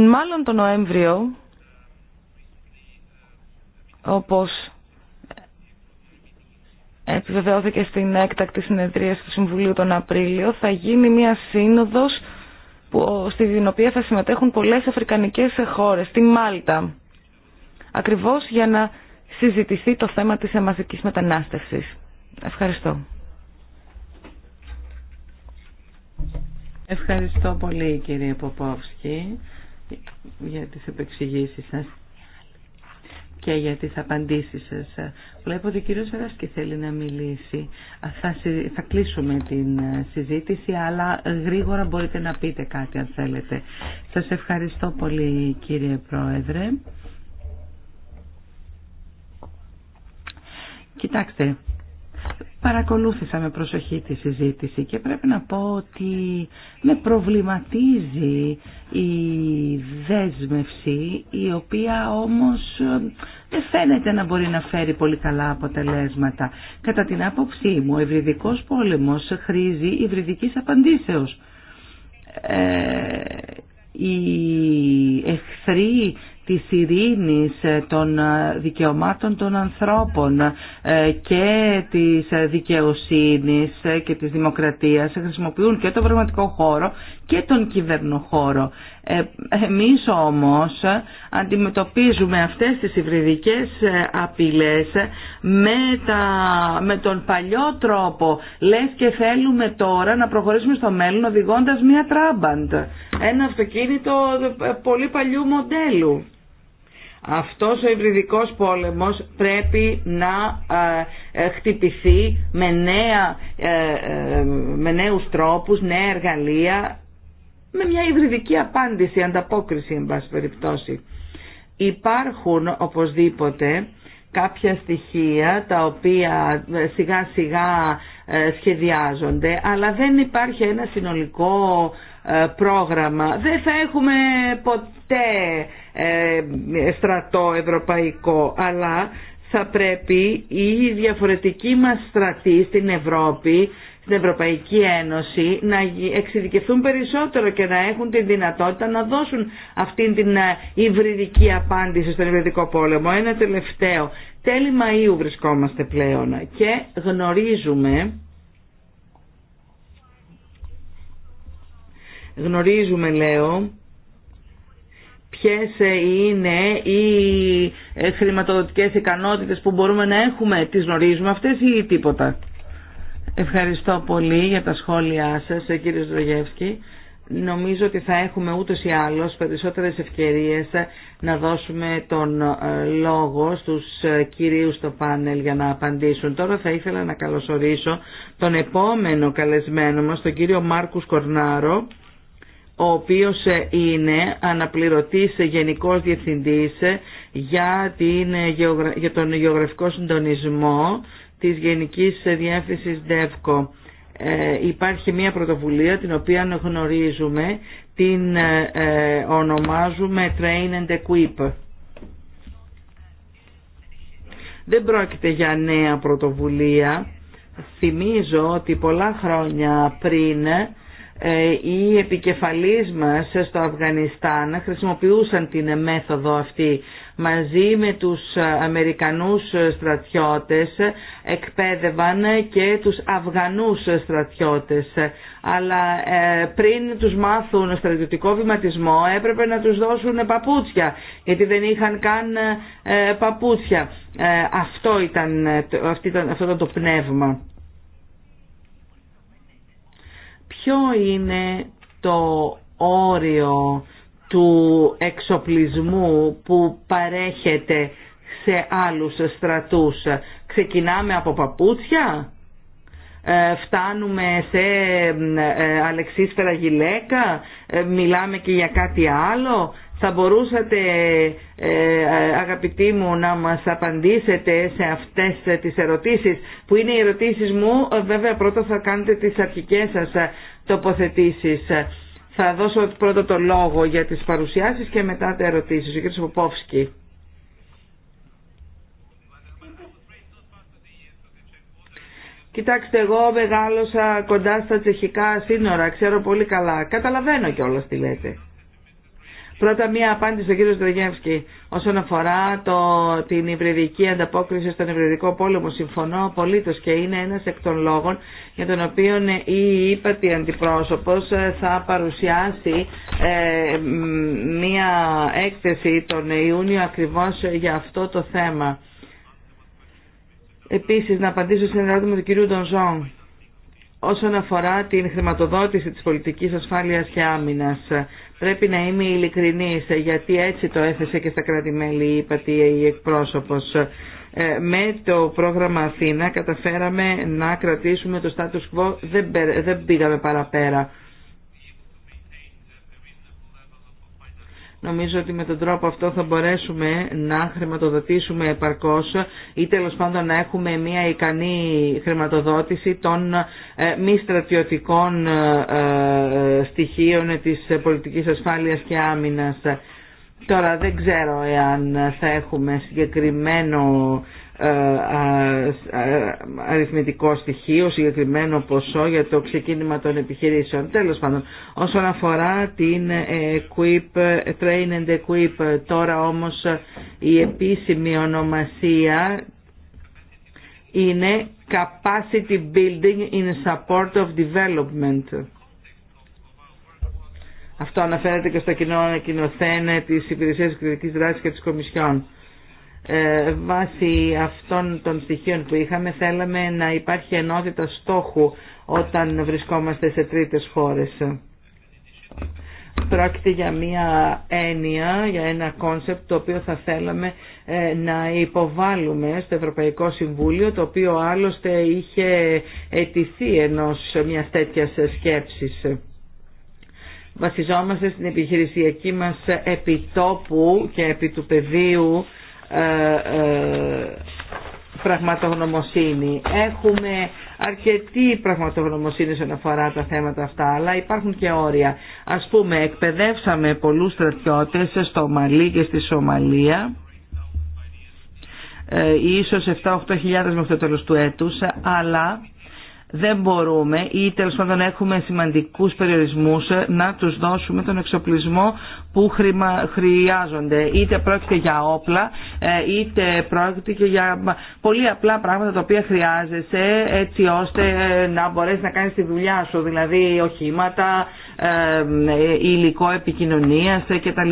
Μάλλον τον Νοέμβριο, όπως επιβεβαιώθηκε στην έκτακτη συνεδρία του Συμβουλίου τον Απρίλιο, θα γίνει μια σύνοδος που, στην οποία θα συμμετέχουν πολλές αφρικανικές χώρες, στη Μάλτα, ακριβώς για να συζητηθεί το θέμα της εμαζικής μετανάστευσης. Ευχαριστώ. Ευχαριστώ πολύ κύριε Ποπόφσκι για τις επεξηγήσεις σας και για τις απαντήσεις σας. Βλέπω ότι ο κύριος Βεράσκη θέλει να μιλήσει. Θα, θα κλείσουμε την ε, συζήτηση, αλλά ε, γρήγορα μπορείτε να πείτε κάτι αν θέλετε. Σας ευχαριστώ πολύ κύριε Πρόεδρε. Κοιτάξτε, Παρακολούθησα με προσοχή τη συζήτηση και πρέπει να πω ότι με προβληματίζει η δέσμευση η οποία όμως ε, δεν φαίνεται να μπορεί να φέρει πολύ καλά αποτελέσματα. Κατά την άποψή μου, ο ευρυδικός πόλεμος χρήζει υβριδικής απαντήσεως. Ε, οι εχθροί της ειρήνης, των δικαιωμάτων των ανθρώπων ε, και της δικαιοσύνης και της δημοκρατίας χρησιμοποιούν και τον πραγματικό χώρο και τον κυβερνοχώρο. Ε, εμείς όμως αντιμετωπίζουμε αυτές τις υβριδικές ε, απειλές με, τα, με τον παλιό τρόπο. Λες και θέλουμε τώρα να προχωρήσουμε στο μέλλον οδηγώντας μία τράμπαντ. Ένα αυτοκίνητο πολύ παλιού μοντέλου. Αυτός ο υβριδικός πόλεμος πρέπει να ε, ε, χτυπηθεί με, νέα, ε, με νέους τρόπους, νέα εργαλεία, με μια υβριδική απάντηση, ανταπόκριση εν πάση περιπτώσει. Υπάρχουν οπωσδήποτε κάποια στοιχεία τα οποία σιγά σιγά σχεδιάζονται αλλά δεν υπάρχει ένα συνολικό ε, πρόγραμμα. Δεν θα έχουμε ποτέ ε, στρατό ευρωπαϊκό, αλλά θα πρέπει η διαφορετική μας στρατή στην Ευρώπη, στην Ευρωπαϊκή Ένωση, να εξειδικευτούν περισσότερο και να έχουν την δυνατότητα να δώσουν αυτήν την ε, υβριδική απάντηση στον υβριδικό πόλεμο. Ένα τελευταίο. Τέλη Μαΐου βρισκόμαστε πλέον και γνωρίζουμε Γνωρίζουμε, λέω, ποιες είναι οι ε, χρηματοδοτικές ικανότητες που μπορούμε να έχουμε. Τις γνωρίζουμε αυτές ή τίποτα. Ευχαριστώ πολύ για τα σχόλιά σας, ε, κύριε Ζρογεύσκη. Νομίζω ότι θα έχουμε ούτως ή άλλως περισσότερες ευκαιρίες να δώσουμε τον ε, λόγο στους κυρίους στο πάνελ για να απαντήσουν. Τώρα θα ήθελα να καλωσορίσω τον επόμενο καλεσμένο μας, τον κύριο Μάρκους Κορνάρο, ο οποίος ε, είναι αναπληρωτής γενικός διευθυντής ε, για, την, ε, για τον γεωγραφικό συντονισμό της Γενικής Διεύθυνσης ΔΕΒΚΟ. Ε, υπάρχει μια πρωτοβουλία την οποία γνωρίζουμε, την ονομάζουμε Train and Equip. Δεν πρόκειται για νέα πρωτοβουλία. Θυμίζω ότι πολλά χρόνια πριν ε, οι επικεφαλείς μας στο Αφγανιστάν χρησιμοποιούσαν την μέθοδο αυτή μαζί με τους Αμερικανούς στρατιώτες εκπαίδευαν και τους Αφγανούς στρατιώτες αλλά ε, πριν τους μάθουν στρατιωτικό βηματισμό έπρεπε να τους δώσουν παπούτσια γιατί δεν είχαν καν ε, παπούτσια αυτό ήταν, αυτό ήταν το πνεύμα ποιο είναι το όριο του εξοπλισμού που παρέχεται σε άλλους στρατούς. Ξεκινάμε από παπούτσια, ε, φτάνουμε σε ε, αλεξίσφαιρα γυλαίκα, ε, μιλάμε και για κάτι άλλο. Θα μπορούσατε ε, ε, αγαπητοί μου να μας απαντήσετε σε αυτές τις ερωτήσεις που είναι οι ερωτήσεις μου. Ε, βέβαια πρώτα θα κάνετε τις αρχικές σας τοποθετήσεις. Θα δώσω πρώτα το λόγο για τις παρουσιάσεις και μετά τα ερωτήσεις. Ο κ. Ποπόφσκι. Κοιτάξτε, εγώ μεγάλωσα κοντά στα τσεχικά σύνορα, ξέρω πολύ καλά. Καταλαβαίνω κιόλα τι λέτε. Πρώτα μία απάντηση στον κύριο Στραγεύσκη όσον αφορά το, την υβριδική ανταπόκριση στον υβριδικό πόλεμο. Συμφωνώ απολύτω και είναι ένας εκ των λόγων για τον οποίο η ύπατη αντιπρόσωπος ε, θα παρουσιάσει ε, μία έκθεση τον Ιούνιο ακριβώς για αυτό το θέμα. Επίσης να απαντήσω στην ερώτηση του κυρίου Ντονζόν όσον αφορά την χρηματοδότηση της πολιτικής ασφάλειας και άμυνας. Πρέπει να είμαι ειλικρινής, γιατί έτσι το έθεσε και στα κράτη-μέλη, η εκπρόσωπος. Ε, με το πρόγραμμα Αθήνα καταφέραμε να κρατήσουμε το status quo, δεν, δεν πήγαμε παραπέρα. Νομίζω ότι με τον τρόπο αυτό θα μπορέσουμε να χρηματοδοτήσουμε επαρκώς ή τέλο πάντων να έχουμε μια ικανή χρηματοδότηση των ε, μη στρατιωτικών ε, ε, στοιχείων της πολιτικής ασφάλειας και άμυνας. Τώρα δεν ξέρω εάν θα έχουμε συγκεκριμένο ε, ε, αριθμητικό στοιχείο, συγκεκριμένο ποσό για το ξεκίνημα των επιχειρήσεων. Τέλος πάντων, όσον αφορά την equip, Train and Equip, τώρα όμως η επίσημη ονομασία είναι Capacity Building in Support of Development. Αυτό αναφέρεται και στο κοινό ανακοινωθέν της Υπηρεσίας Κριτικής Δράσης και της Κομισιόν. Ε, βάσει αυτών των στοιχείων που είχαμε θέλαμε να υπάρχει ενότητα στόχου όταν βρισκόμαστε σε τρίτες χώρες. Πρόκειται για μία έννοια, για ένα κόνσεπτ το οποίο θα θέλαμε ε, να υποβάλουμε στο Ευρωπαϊκό Συμβούλιο το οποίο άλλωστε είχε αιτηθεί ενός μια τέτοιας σκέψης. Βασιζόμαστε στην επιχειρησιακή μας επιτόπου και επί του ε, ε, πραγματογνωμοσύνη. Έχουμε αρκετή πραγματογνωμοσύνη σε αφορά τα θέματα αυτά, αλλά υπάρχουν και όρια. Ας πούμε, εκπαιδεύσαμε πολλούς στρατιώτες στο Μαλί και στη Σομαλία, ε, ίσως 7-8 χιλιάδες μέχρι το τέλος του έτους, αλλά δεν μπορούμε ή τέλο πάντων έχουμε σημαντικούς περιορισμούς ε, να τους δώσουμε τον εξοπλισμό που χρειάζονται. Είτε πρόκειται για όπλα, ε, είτε πρόκειται και για πολύ απλά πράγματα τα οποία χρειάζεσαι έτσι ώστε ε, να μπορέσει να κάνεις τη δουλειά σου, δηλαδή οχήματα, υλικό επικοινωνία κτλ.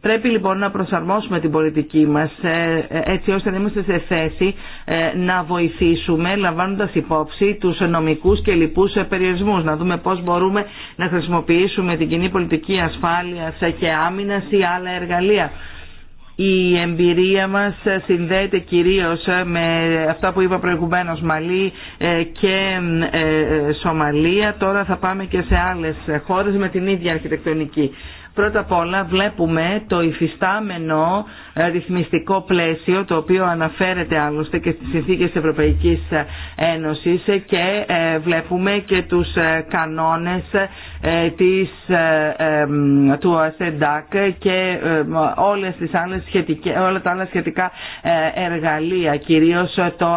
Πρέπει λοιπόν να προσαρμόσουμε την πολιτική μας ε, έτσι ώστε να είμαστε σε θέση ε, να βοηθήσουμε λαμβάνοντας υπόψη τους νομικούς και λοιπούς περιορισμούς. Να δούμε πώς μπορούμε να χρησιμοποιήσουμε την κοινή πολιτική ασφάλειας και άμυνας ή άλλα εργαλεία. Η εμπειρία μας συνδέεται κυρίως με αυτά που είπα προηγουμένως Μαλή ε, και Σομαλία. Τώρα θα πάμε και σε άλλες χώρες με την ίδια αρχιτεκτονική. Πρώτα απ' όλα βλέπουμε το υφιστάμενο ε, ρυθμιστικό πλαίσιο το οποίο αναφέρεται άλλωστε και στις συνθήκες Ευρωπαϊκής ε, Ένωσης ε, και βλέπουμε και τους κανόνες της, του ΑΣΕΝΤΑΚ και όλες τις άλλες σχετικές, όλα τα άλλα σχετικά εργαλεία, κυρίως το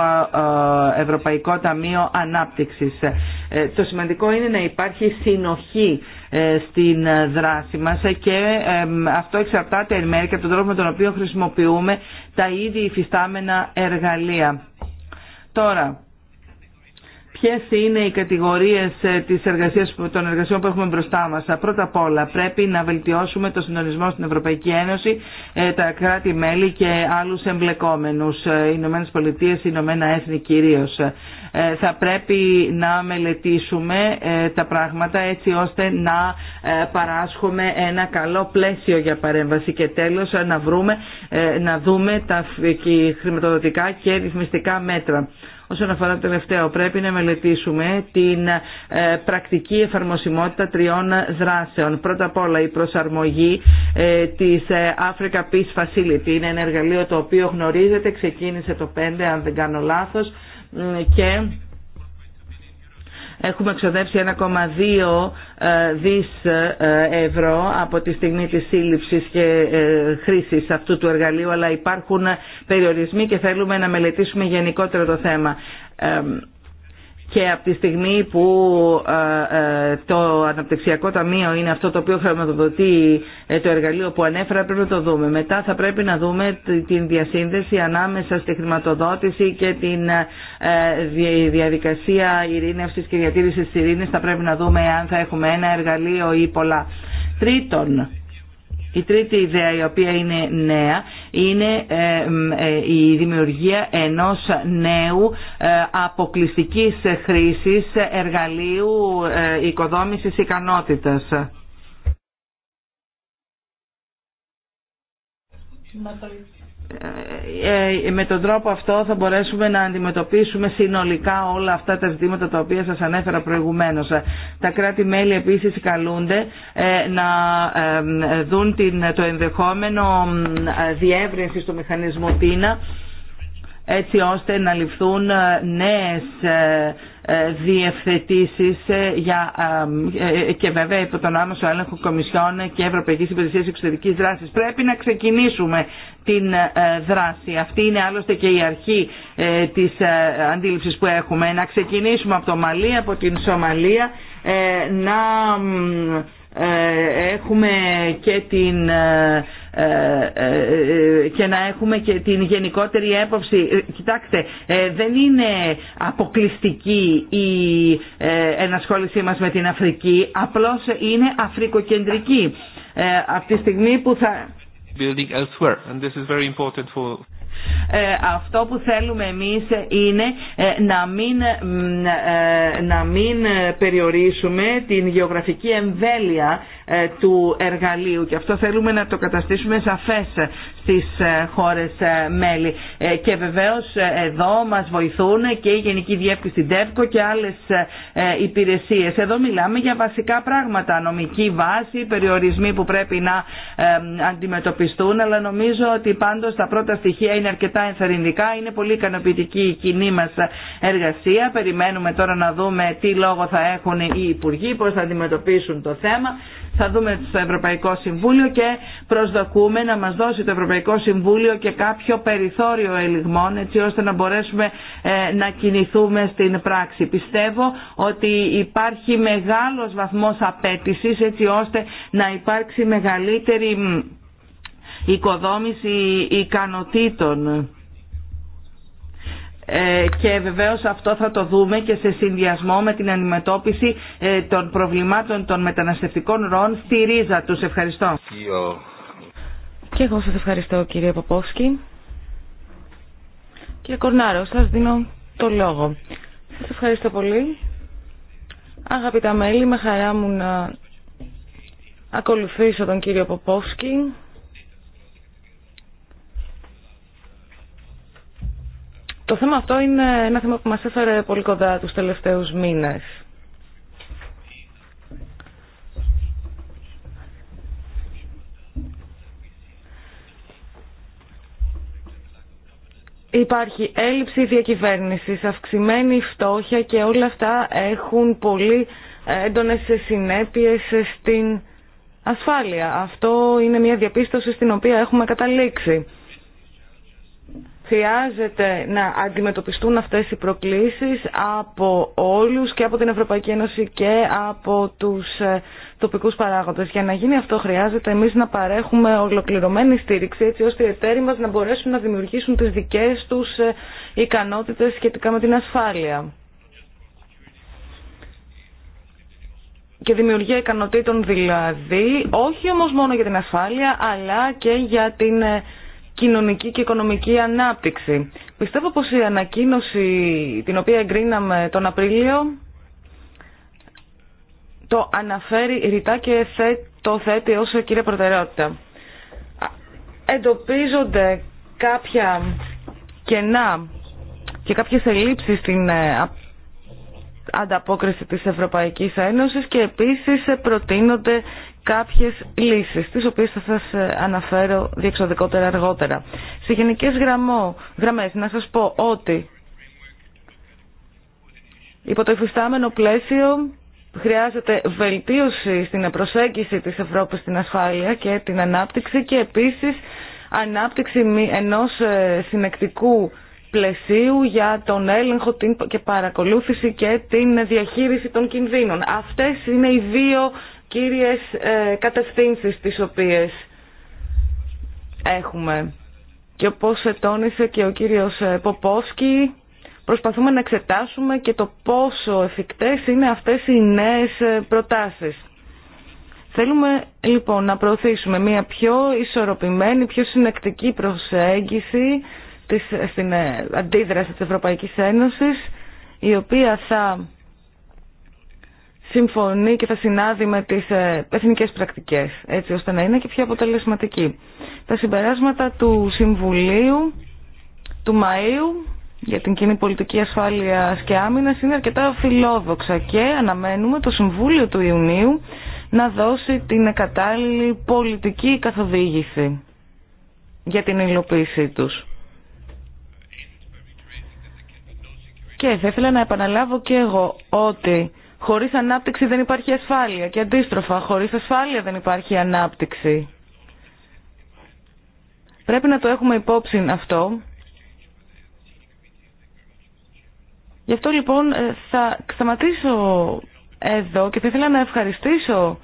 Ευρωπαϊκό Ταμείο Ανάπτυξης. Ε, το σημαντικό είναι να υπάρχει συνοχή ε, στην ε, δράση μας και αυτό εξαρτάται εν μέρει και από τον τρόπο με τον οποίο χρησιμοποιούμε τα ήδη υφιστάμενα εργαλεία. Τώρα, ποιες είναι οι κατηγορίες της εργασίας, των εργασιών που έχουμε μπροστά μας. Πρώτα απ' όλα πρέπει να βελτιώσουμε το συντονισμό στην Ευρωπαϊκή Ένωση, τα κράτη-μέλη και άλλους εμπλεκόμενους, οι Ηνωμένες Πολιτείες, οι Ηνωμένα Έθνη κυρίως. Ε, θα πρέπει να μελετήσουμε ε, τα πράγματα έτσι ώστε να ε, παράσχουμε ένα καλό πλαίσιο για παρέμβαση και τέλος να, βρούμε, να δούμε τα χρηματοδοτικά και ρυθμιστικά μέτρα. Όσον αφορά το τελευταίο, πρέπει να μελετήσουμε την πρακτική εφαρμοσιμότητα τριών δράσεων. Πρώτα απ' όλα η προσαρμογή της Africa Peace Facility. Είναι ένα εργαλείο το οποίο γνωρίζετε, ξεκίνησε το 5 αν δεν κάνω λάθος και Έχουμε ξοδέψει 1,2 ε, δις ε, ευρώ από τη στιγμή της σύλληψης και ε, χρήσης αυτού του εργαλείου, αλλά υπάρχουν περιορισμοί και θέλουμε να μελετήσουμε γενικότερα το θέμα και από τη στιγμή που ε, ε, το Αναπτυξιακό Ταμείο είναι αυτό το οποίο χρηματοδοτεί ε, το εργαλείο που ανέφερα πρέπει να το δούμε. Μετά θα πρέπει να δούμε την διασύνδεση ανάμεσα στη χρηματοδότηση και την διαδικασία ειρήνευσης και διατήρησης της ειρήνης. Θα πρέπει να δούμε αν θα έχουμε ένα εργαλείο ή πολλά. Τρίτον, η τρίτη ιδέα η οποία είναι νέα είναι ε, ε, η δημιουργία ενός νέου ε, αποκλειστικής χρήσης εργαλείου οικοδόμησης ικανότητας. Ε, ε, με τον τρόπο αυτό θα μπορέσουμε να αντιμετωπίσουμε συνολικά όλα αυτά τα ζητήματα τα οποία σας ανέφερα προηγουμένως. Τα κράτη-μέλη επίσης καλούνται ε, να δουν το ενδεχόμενο διεύρυνση του μηχανισμού ΤΙΝΑ έτσι ώστε να ληφθούν νέες ε, διευθετήσεις ε, ε, και βέβαια υπό τον άμεσο έλεγχο Κομισιόν και Ευρωπαϊκής Υπηρεσίας Εξωτερικής Δράσης. Πρέπει να ξεκινήσουμε την δράση. Αυτή είναι άλλωστε και η αρχή της αντίληψης που έχουμε. Να ξεκινήσουμε από το Μαλί, από την Σομαλία, να ε, έχουμε και την ε, ε, και να έχουμε και την γενικότερη έποψη. Κοιτάξτε, δεν είναι αποκλειστική η ενασχόλησή μας με την Αφρική, απλώς είναι αφρικοκεντρική. Από τη στιγμή που θα... Ε, αυτό που θέλουμε εμείς είναι ε, να μην, ε, να μην περιορίσουμε την γεωγραφική εμβέλεια του εργαλείου και αυτό θέλουμε να το καταστήσουμε σαφές στις χώρες μέλη. Και βεβαίως εδώ μας βοηθούν και η Γενική Διεύθυνση ΤΕΒΚΟ και άλλες υπηρεσίες. Εδώ μιλάμε για βασικά πράγματα, νομική βάση, περιορισμοί που πρέπει να αντιμετωπιστούν, αλλά νομίζω ότι πάντως τα πρώτα στοιχεία είναι αρκετά ενθαρρυντικά. Είναι πολύ ικανοποιητική η κοινή μα εργασία. Περιμένουμε τώρα να δούμε τι λόγο θα έχουν οι υπουργοί, πώ θα αντιμετωπίσουν το θέμα. Θα δούμε στο Ευρωπαϊκό Συμβούλιο και προσδοκούμε να μας δώσει το Ευρωπαϊκό Συμβούλιο και κάποιο περιθώριο ελιγμών έτσι ώστε να μπορέσουμε ε, να κινηθούμε στην πράξη. Πιστεύω ότι υπάρχει μεγάλος βαθμός απέτησης έτσι ώστε να υπάρξει μεγαλύτερη οικοδόμηση ικανοτήτων ε, και βεβαίως αυτό θα το δούμε και σε συνδυασμό με την αντιμετώπιση ε, των προβλημάτων των μεταναστευτικών ροών στη ρίζα τους. Ευχαριστώ. Και εγώ σας ευχαριστώ κύριε Παπόφσκι. Κύριε Κορνάρο, σας δίνω το λόγο. Σας ευχαριστώ πολύ. Αγαπητά μέλη, με χαρά μου να ακολουθήσω τον κύριο Ποπόφσκι Το θέμα αυτό είναι ένα θέμα που μας έφερε πολύ κοντά τους τελευταίους μήνες. Υπάρχει έλλειψη διακυβέρνησης, αυξημένη φτώχεια και όλα αυτά έχουν πολύ έντονες συνέπειες στην ασφάλεια. Αυτό είναι μια διαπίστωση στην οποία έχουμε καταλήξει χρειάζεται να αντιμετωπιστούν αυτές οι προκλήσεις από όλους και από την Ευρωπαϊκή Ένωση και από τους ε, τοπικούς παράγοντες. Για να γίνει αυτό χρειάζεται εμείς να παρέχουμε ολοκληρωμένη στήριξη έτσι ώστε οι εταίροι μας να μπορέσουν να δημιουργήσουν τις δικές τους ε, ικανότητες σχετικά με την ασφάλεια. και δημιουργία ικανοτήτων δηλαδή, όχι όμως μόνο για την ασφάλεια, αλλά και για την ε, κοινωνική και οικονομική ανάπτυξη. Πιστεύω πως η ανακοίνωση την οποία εγκρίναμε τον Απρίλιο το αναφέρει ρητά και το θέτει ως κύρια προτεραιότητα. Εντοπίζονται κάποια κενά και κάποιες ελλείψεις στην ε, ανταπόκριση της Ευρωπαϊκής Ένωσης και επίσης προτείνονται κάποιες λύσεις, τις οποίες θα σας ε, αναφέρω διεξοδικότερα αργότερα. Σε γενικές γραμμό, γραμμές να σας πω ότι υπό το υφιστάμενο πλαίσιο χρειάζεται βελτίωση στην προσέγγιση της Ευρώπης στην ασφάλεια και την ανάπτυξη και επίσης ανάπτυξη ενός ε, συνεκτικού πλαισίου για τον έλεγχο και παρακολούθηση και την διαχείριση των κινδύνων. Αυτές είναι οι δύο κύριες ε, κατευθύνσεις τις οποίες έχουμε. Και όπως τόνισε και ο κύριος ε, Ποπόσκι, προσπαθούμε να εξετάσουμε και το πόσο εφικτές είναι αυτές οι νέες ε, προτάσεις. Θέλουμε λοιπόν να προωθήσουμε μια πιο ισορροπημένη, πιο συνεκτική προσέγγιση της, στην αντίδραση της Ευρωπαϊκής Ένωσης, η οποία θα συμφωνεί και θα συνάδει με τις ε, εθνικές πρακτικές, έτσι ώστε να είναι και πιο αποτελεσματική. Τα συμπεράσματα του Συμβουλίου του Μαΐου για την κοινή πολιτική ασφάλειας και άμυνα είναι αρκετά φιλόδοξα και αναμένουμε το Συμβούλιο του Ιουνίου να δώσει την κατάλληλη πολιτική καθοδήγηση για την υλοποίησή τους. Και θα ήθελα να επαναλάβω και εγώ ότι Χωρίς ανάπτυξη δεν υπάρχει ασφάλεια και αντίστροφα, χωρίς ασφάλεια δεν υπάρχει ανάπτυξη. Πρέπει να το έχουμε υπόψη αυτό. Γι' αυτό λοιπόν ε, θα σταματήσω εδώ και θα ήθελα να ευχαριστήσω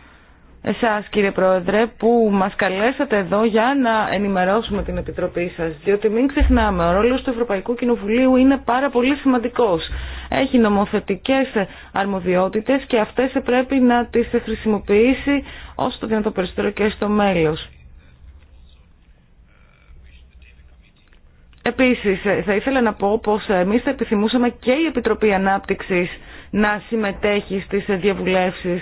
εσάς κύριε Πρόεδρε που μας καλέσατε εδώ για να ενημερώσουμε την Επιτροπή σας διότι μην ξεχνάμε ο ρόλος του Ευρωπαϊκού Κοινοβουλίου είναι πάρα πολύ σημαντικός έχει νομοθετικές αρμοδιότητες και αυτές πρέπει να τις χρησιμοποιήσει όσο το δυνατό περισσότερο και στο μέλος Επίσης θα ήθελα να πω πως εμείς θα επιθυμούσαμε και η Επιτροπή Ανάπτυξης να συμμετέχει στις διαβουλεύσεις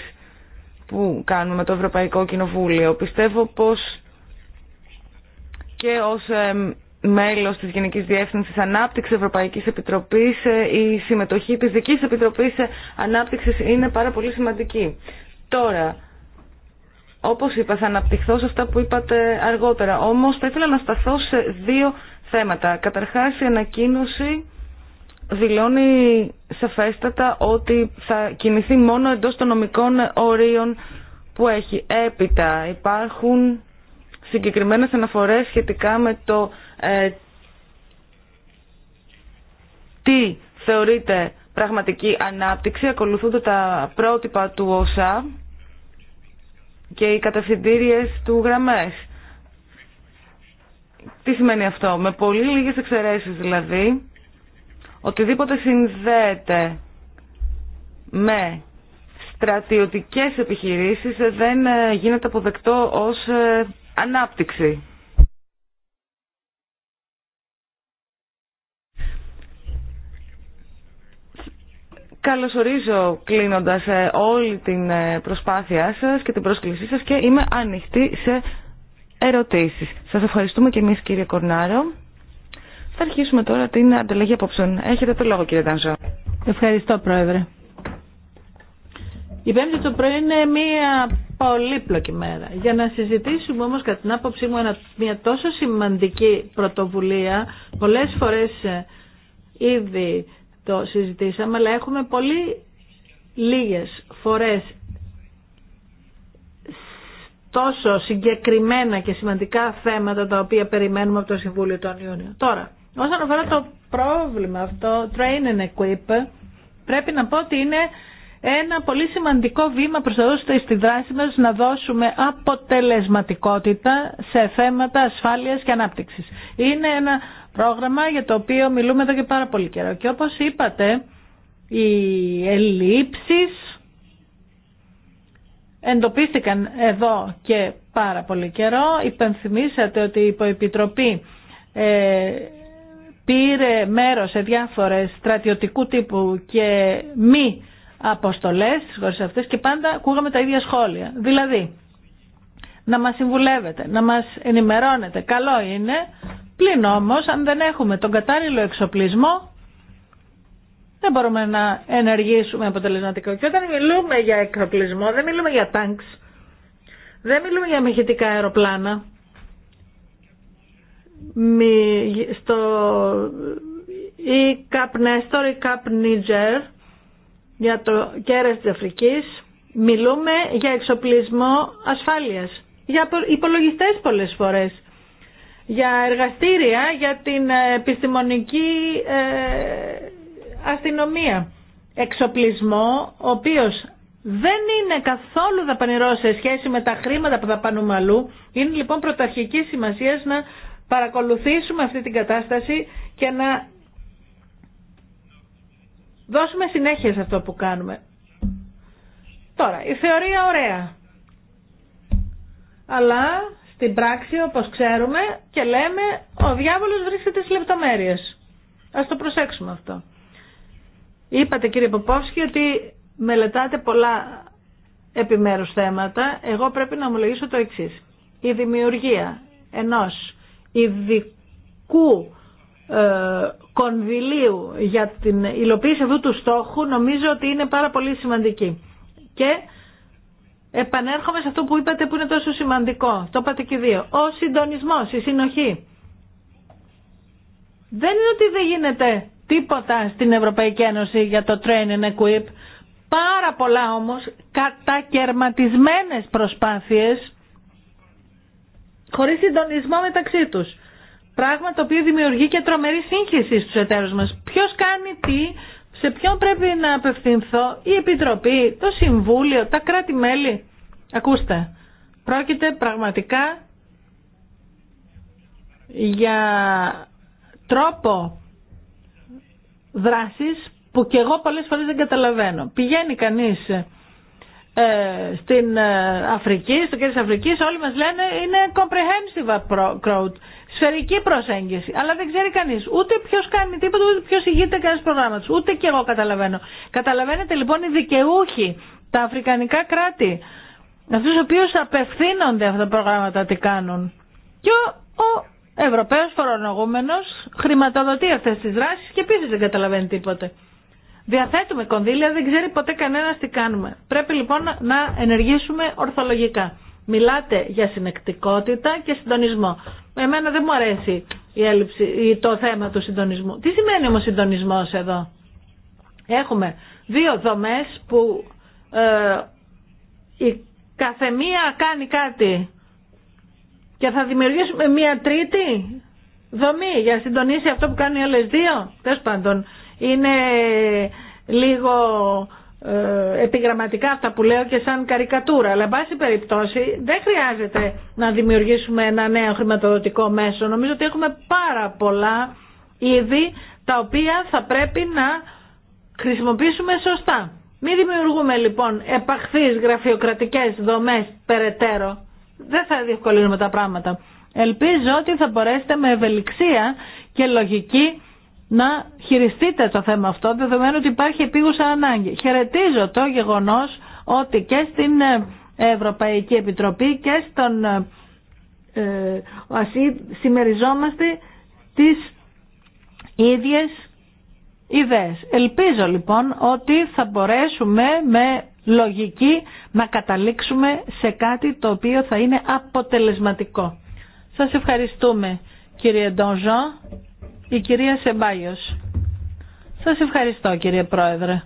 που κάνουμε το Ευρωπαϊκό Κοινοβούλιο. Πιστεύω πως και ως μέλος της Γενικής Διεύθυνσης Ανάπτυξης Ευρωπαϊκής Επιτροπής ε, η συμμετοχή της δικής Επιτροπής ε, Ανάπτυξης είναι πάρα πολύ σημαντική. Τώρα, όπως είπα, θα αναπτυχθώ σε αυτά που είπατε αργότερα. Όμως θα ήθελα να σταθώ σε δύο θέματα. Καταρχάς, η ανακοίνωση δηλώνει σαφέστατα ότι θα κινηθεί μόνο εντός των νομικών ορίων που έχει. Έπειτα υπάρχουν συγκεκριμένες αναφορές σχετικά με το ε, τι θεωρείται πραγματική ανάπτυξη. Ακολουθούνται τα πρότυπα του ΩΣΑ και οι κατευθυντήριες του γραμμές. Τι σημαίνει αυτό. Με πολύ λίγες εξαιρέσεις δηλαδή οτιδήποτε συνδέεται με στρατιωτικές επιχειρήσεις δεν ε, γίνεται αποδεκτό ως ε, ανάπτυξη. Καλωσορίζω κλείνοντας ε, όλη την προσπάθειά σας και την πρόσκλησή σας και είμαι ανοιχτή σε ερωτήσεις. Σας ευχαριστούμε και εμείς κύριε Κορνάρο. Θα αρχίσουμε τώρα την ανταλλαγή απόψεων. Έχετε το λόγο κύριε Τάνσο. Ευχαριστώ πρόεδρε. Η Πέμπτη του πρωί είναι μία πολύπλοκη μέρα. Για να συζητήσουμε όμως κατά την άποψή μου μία τόσο σημαντική πρωτοβουλία, πολλές φορές ε, ήδη το συζητήσαμε, αλλά έχουμε πολύ λίγες φορές τόσο συγκεκριμένα και σημαντικά θέματα τα οποία περιμένουμε από το Συμβούλιο των Ιούνιων. Τώρα, Όσον αφορά το πρόβλημα αυτό, train and equip, πρέπει να πω ότι είναι ένα πολύ σημαντικό βήμα προς ώστε στη δράση μας να δώσουμε αποτελεσματικότητα σε θέματα ασφάλειας και ανάπτυξης. Είναι ένα πρόγραμμα για το οποίο μιλούμε εδώ και πάρα πολύ καιρό. Και όπως είπατε, οι ελλείψεις εντοπίστηκαν εδώ και πάρα πολύ καιρό. Υπενθυμίσατε ότι η υποεπιτροπή ε, πήρε μέρος σε διάφορες στρατιωτικού τύπου και μη αποστολές στις χώρες αυτές και πάντα ακούγαμε τα ίδια σχόλια. Δηλαδή, να μας συμβουλεύετε, να μας ενημερώνετε, καλό είναι, πλην όμως αν δεν έχουμε τον κατάλληλο εξοπλισμό δεν μπορούμε να ενεργήσουμε αποτελεσματικά. Και όταν μιλούμε για εξοπλισμό δεν μιλούμε για τάγκς, δεν μιλούμε για μηχητικά αεροπλάνα στο η Νέστορ, ΙΚΑΠ για το κέρας της Αφρικής μιλούμε για εξοπλισμό ασφάλειας για υπολογιστές πολλές φορές για εργαστήρια για την επιστημονική ε, αστυνομία εξοπλισμό ο οποίος δεν είναι καθόλου δαπανηρό σε σχέση με τα χρήματα που δαπανούμε αλλού. Είναι λοιπόν πρωταρχική σημασία να παρακολουθήσουμε αυτή την κατάσταση και να δώσουμε συνέχεια σε αυτό που κάνουμε. Τώρα, η θεωρία ωραία. Αλλά στην πράξη, όπως ξέρουμε και λέμε, ο διάβολος βρίσκεται στις λεπτομέρειες. Ας το προσέξουμε αυτό. Είπατε κύριε Ποπόφσκι ότι μελετάτε πολλά επιμέρους θέματα. Εγώ πρέπει να ομολογήσω το εξής. Η δημιουργία ενός ειδικού ε, κονδυλίου για την υλοποίηση αυτού του στόχου νομίζω ότι είναι πάρα πολύ σημαντική. Και επανέρχομαι σε αυτό που είπατε που είναι τόσο σημαντικό. Το είπατε και δύο. Ο συντονισμός, η συνοχή. Δεν είναι ότι δεν γίνεται τίποτα στην Ευρωπαϊκή Ένωση για το Train and Equip. Πάρα πολλά όμως κατακαιρματισμένες προσπάθειες Χωρί συντονισμό μεταξύ του, Πράγμα το οποίο δημιουργεί και τρομερή σύγχυση στους εταίρους μα. Ποιο κάνει τι, σε ποιον πρέπει να απευθυνθώ, η Επιτροπή, το Συμβούλιο, τα κράτη-μέλη. Ακούστε, πρόκειται πραγματικά για τρόπο δράσης που και εγώ πολλές φορές δεν καταλαβαίνω. Πηγαίνει κανείς ε, στην ε, Αφρική, στο κέντρο της Αφρικής όλοι μας λένε είναι comprehensive crowd, σφαιρική προσέγγιση. Αλλά δεν ξέρει κανείς ούτε ποιος κάνει τίποτα, ούτε ποιος ηγείται κανένας προγράμματος. Ούτε και εγώ καταλαβαίνω. Καταλαβαίνετε λοιπόν οι δικαιούχοι, τα αφρικανικά κράτη, αυτού του οποίου απευθύνονται αυτά τα προγράμματα τι κάνουν. Και ο Ευρωπαίος φορολογούμενος χρηματοδοτεί αυτές τις δράσεις και επίσης δεν καταλαβαίνει τίποτε. Διαθέτουμε κονδύλια, δεν ξέρει ποτέ κανένα τι κάνουμε. Πρέπει λοιπόν να ενεργήσουμε ορθολογικά. Μιλάτε για συνεκτικότητα και συντονισμό. Εμένα δεν μου αρέσει η έλλειψη, το θέμα του συντονισμού. Τι σημαίνει όμως συντονισμός εδώ. Έχουμε δύο δομές που ε, η καθεμία κάνει κάτι και θα δημιουργήσουμε μία τρίτη δομή για να συντονίσει αυτό που κάνει οι άλλες δύο. Τέλος πάντων, είναι λίγο ε, επιγραμματικά αυτά που λέω και σαν καρικατούρα. Αλλά, εν πάση περιπτώσει, δεν χρειάζεται να δημιουργήσουμε ένα νέο χρηματοδοτικό μέσο. Νομίζω ότι έχουμε πάρα πολλά είδη τα οποία θα πρέπει να χρησιμοποιήσουμε σωστά. Μην δημιουργούμε λοιπόν επαχθείς γραφειοκρατικές δομές περαιτέρω. Δεν θα διευκολύνουμε τα πράγματα. Ελπίζω ότι θα μπορέσετε με ευελιξία και λογική να χειριστείτε το θέμα αυτό, δεδομένου ότι υπάρχει επίγουσα ανάγκη. Χαιρετίζω το γεγονός ότι και στην ε, Ευρωπαϊκή Επιτροπή και στον ε, ε συμμεριζόμαστε τις ίδιες ιδέες. Ελπίζω λοιπόν ότι θα μπορέσουμε με λογική να καταλήξουμε σε κάτι το οποίο θα είναι αποτελεσματικό. Σας ευχαριστούμε κύριε Ντονζό. Η κυρία Σεμπάγιος. Σας ευχαριστώ κύριε Πρόεδρε.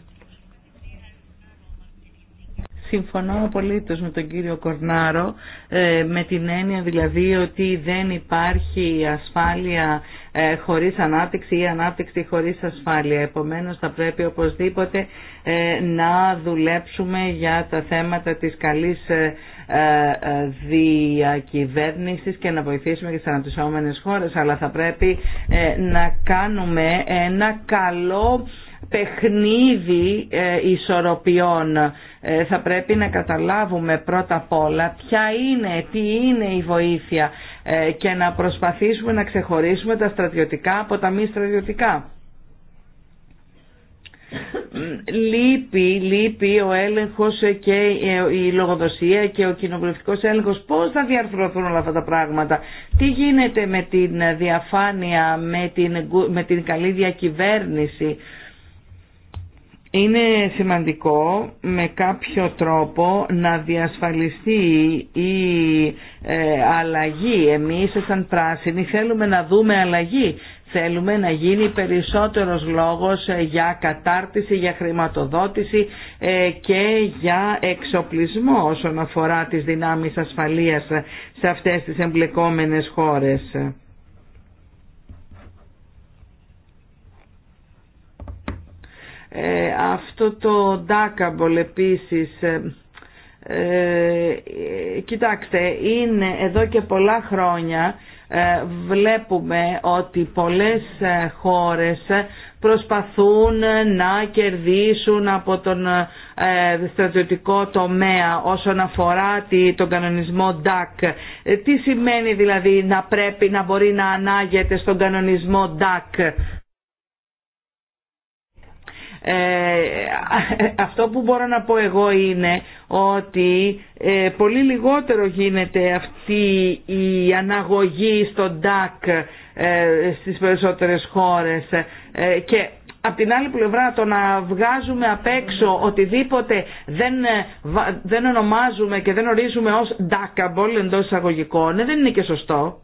Συμφωνώ απολύτως με τον κύριο Κορνάρο, ε, με την έννοια δηλαδή ότι δεν υπάρχει ασφάλεια ε, χωρίς ανάπτυξη ή ανάπτυξη χωρίς ασφάλεια. Επομένως θα πρέπει οπωσδήποτε ε, να δουλέψουμε για τα θέματα της καλής ε, διακυβέρνησης και να βοηθήσουμε και στις αναπτυσσόμενες χώρες, αλλά θα πρέπει να κάνουμε ένα καλό παιχνίδι ισορροπιών. Θα πρέπει να καταλάβουμε πρώτα απ' όλα ποια είναι, τι είναι η βοήθεια ε, και να προσπαθήσουμε να ξεχωρίσουμε τα στρατιωτικά από τα μη στρατιωτικά. Λείπει, λείπει ο έλεγχος και η λογοδοσία και ο κοινοβουλευτικός έλεγχος. Πώς θα διαρθρωθούν όλα αυτά τα πράγματα. Τι γίνεται με την διαφάνεια, με την, με την καλή διακυβέρνηση είναι σημαντικό με κάποιο τρόπο να διασφαλιστεί η ε, αλλαγή. Εμείς σαν πράσινοι θέλουμε να δούμε αλλαγή. Θέλουμε να γίνει περισσότερος λόγος ε, για κατάρτιση, για χρηματοδότηση ε, και για εξοπλισμό όσον αφορά τις δυνάμεις ασφαλείας σε αυτές τις εμπλεκόμενες χώρες. Ε, αυτό το ντάκαμπολ επίσης ε, ε, κοιτάξτε, είναι εδώ και πολλά χρόνια ε, βλέπουμε ότι πολλές χώρες προσπαθούν να κερδίσουν από τον ε, στρατιωτικό τομέα όσον αφορά τη, τον κανονισμό DAC. τι σημαίνει δηλαδή να πρέπει να μπορεί να ανάγεται στον κανονισμό DAC. Ε, αυτό που μπορώ να πω εγώ είναι ότι ε, πολύ λιγότερο γίνεται αυτή η αναγωγή στο ΤΑΚ ε, στις περισσότερες χώρες και από την άλλη πλευρά το να βγάζουμε απ' έξω οτιδήποτε δεν, δεν ονομάζουμε και δεν ορίζουμε ως ντάκαμπολ εντός εισαγωγικών δεν είναι και σωστό.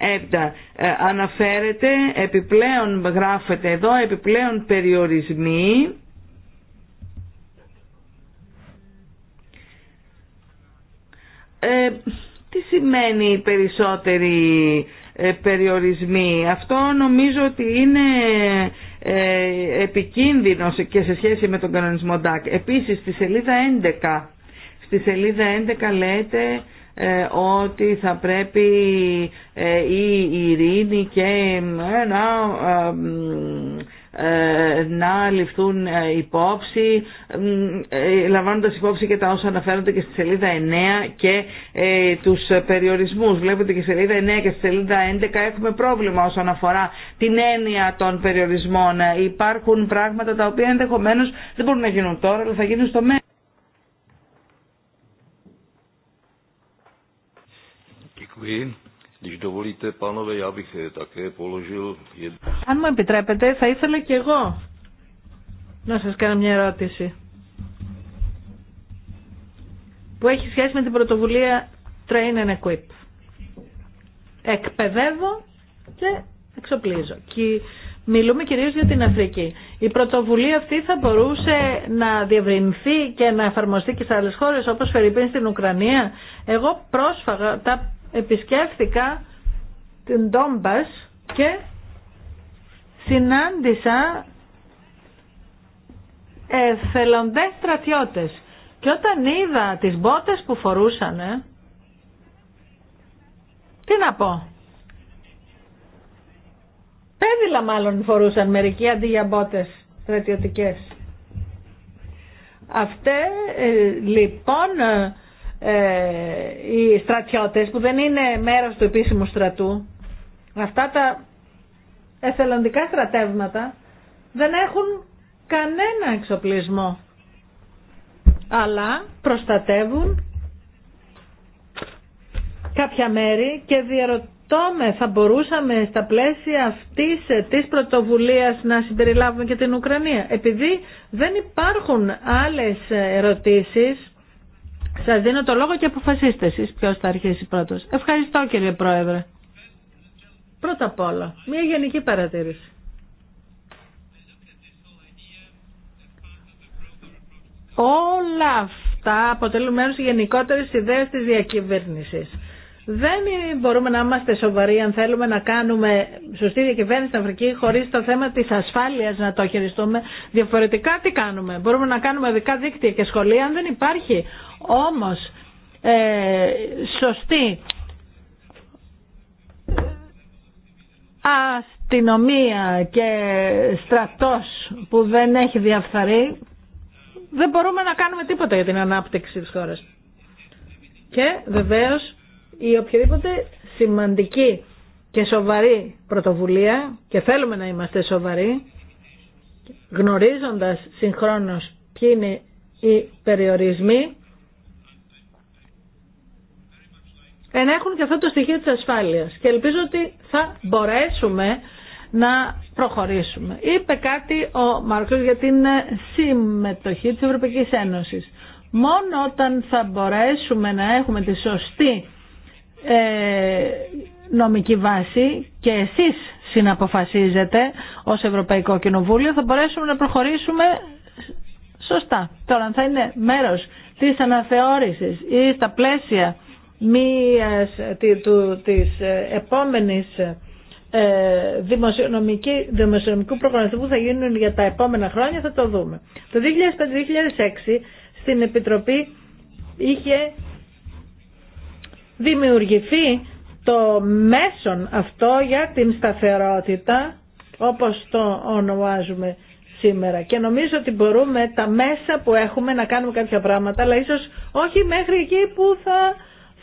έπτα ε, αναφέρεται, επιπλέον γράφεται εδώ, επιπλέον περιορισμοί ε, τι σημαίνει περισσότεροι ε, περιορισμοί. Αυτό νομίζω ότι είναι επικίνδυνο και σε σχέση με τον κανονισμό DAC. Επίσης στη σελίδα 11, στη σελίδα 11 λέτε ε, ότι θα πρέπει ε, η ειρήνη και ε, να να ληφθούν υπόψη λαμβάνοντας υπόψη και τα όσα αναφέρονται και στη σελίδα 9 και ε, τους περιορισμούς βλέπετε και στη σελίδα 9 και στη σελίδα 11 έχουμε πρόβλημα όσον αφορά την έννοια των περιορισμών υπάρχουν πράγματα τα οποία ενδεχομένως δεν μπορούν να γίνουν τώρα αλλά θα γίνουν στο μέλλον Děkuji. Eh, Αν μου επιτρέπετε, θα ήθελα και εγώ να σας κάνω μια ερώτηση που έχει σχέση με την πρωτοβουλία Train and Equip. Εκπαιδεύω και εξοπλίζω. Και μιλούμε κυρίως για την Αφρική. Η πρωτοβουλία αυτή θα μπορούσε να διευρυνθεί και να εφαρμοστεί και σε άλλες χώρες όπως Φερρυπίν στην Ουκρανία. Εγώ πρόσφατα επισκέφθηκα την Ντόμπας και συνάντησα εθελοντές στρατιώτες και όταν είδα τις μπότες που φορούσανε τι να πω πέδιλα μάλλον φορούσαν μερικοί αντί για μπότες στρατιωτικές αυτές ε, λοιπόν ε, ε, οι στρατιώτες που δεν είναι μέρος του επίσημου στρατού, αυτά τα εθελοντικά στρατεύματα δεν έχουν κανένα εξοπλισμό αλλά προστατεύουν κάποια μέρη και διαρωτώμε θα μπορούσαμε στα πλαίσια αυτής ε, της πρωτοβουλίας να συμπεριλάβουμε και την Ουκρανία επειδή δεν υπάρχουν άλλες ε, ερωτήσεις Σα δίνω το λόγο και αποφασίστε εσεί ποιο θα αρχίσει πρώτος. Ευχαριστώ κύριε Πρόεδρε. Πρώτα απ' όλα, μια γενική παρατήρηση. Όλα αυτά αποτελούν μέρο γενικότερη ιδέα τη διακυβέρνηση. Δεν μπορούμε να είμαστε σοβαροί αν θέλουμε να κάνουμε σωστή διακυβέρνηση στην Αφρική χωρί το θέμα τη ασφάλεια να το χειριστούμε. Διαφορετικά τι κάνουμε. Μπορούμε να κάνουμε δικά δίκτυα και σχολεία αν δεν υπάρχει όμως ε, σωστή αστυνομία και στρατός που δεν έχει διαφθαρεί δεν μπορούμε να κάνουμε τίποτα για την ανάπτυξη της χώρας. Και βεβαίως η οποιαδήποτε σημαντική και σοβαρή πρωτοβουλία και θέλουμε να είμαστε σοβαροί γνωρίζοντας συγχρόνως ποιοι είναι οι περιορισμοί ενέχουν και αυτό το στοιχείο της ασφάλειας και ελπίζω ότι θα μπορέσουμε να προχωρήσουμε. Είπε κάτι ο Μάρκος για την ε, συμμετοχή της Ευρωπαϊκής Ένωσης. Μόνο όταν θα μπορέσουμε να έχουμε τη σωστή ε, νομική βάση και εσείς συναποφασίζετε ως Ευρωπαϊκό Κοινοβούλιο θα μπορέσουμε να προχωρήσουμε σωστά. Τώρα αν θα είναι μέρος της αναθεώρησης ή στα πλαίσια μίας, του, της ε, επόμενης ε, δημοσιονομική, δημοσιονομικού προγραμματισμού που θα γίνουν για τα επόμενα χρόνια θα το δούμε. Το 2005-2006 στην Επιτροπή είχε δημιουργηθεί το μέσον αυτό για την σταθερότητα όπως το ονομάζουμε σήμερα και νομίζω ότι μπορούμε τα μέσα που έχουμε να κάνουμε κάποια πράγματα αλλά ίσως όχι μέχρι εκεί που θα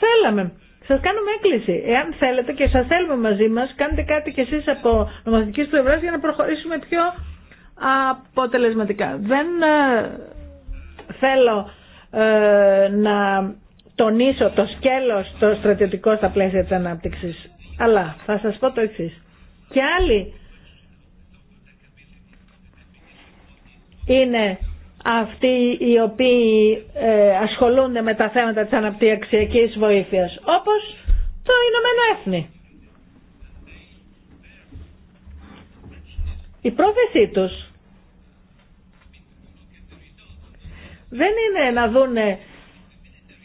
θέλαμε. Σας κάνουμε έκκληση. Εάν θέλετε και σας θέλουμε μαζί μας, κάντε κάτι κι εσείς από νομαστικής πλευρά για να προχωρήσουμε πιο αποτελεσματικά. Δεν ε, θέλω ε, να τονίσω το σκέλος το στρατιωτικό στα πλαίσια της ανάπτυξης. Αλλά θα σας πω το εξή. Και άλλοι είναι αυτοί οι οποίοι ε, ασχολούνται με τα θέματα της αναπτυξιακής βοήθειας, όπως το Ηνωμένο Έθνη. Η πρόθεσή τους δεν είναι να δούνε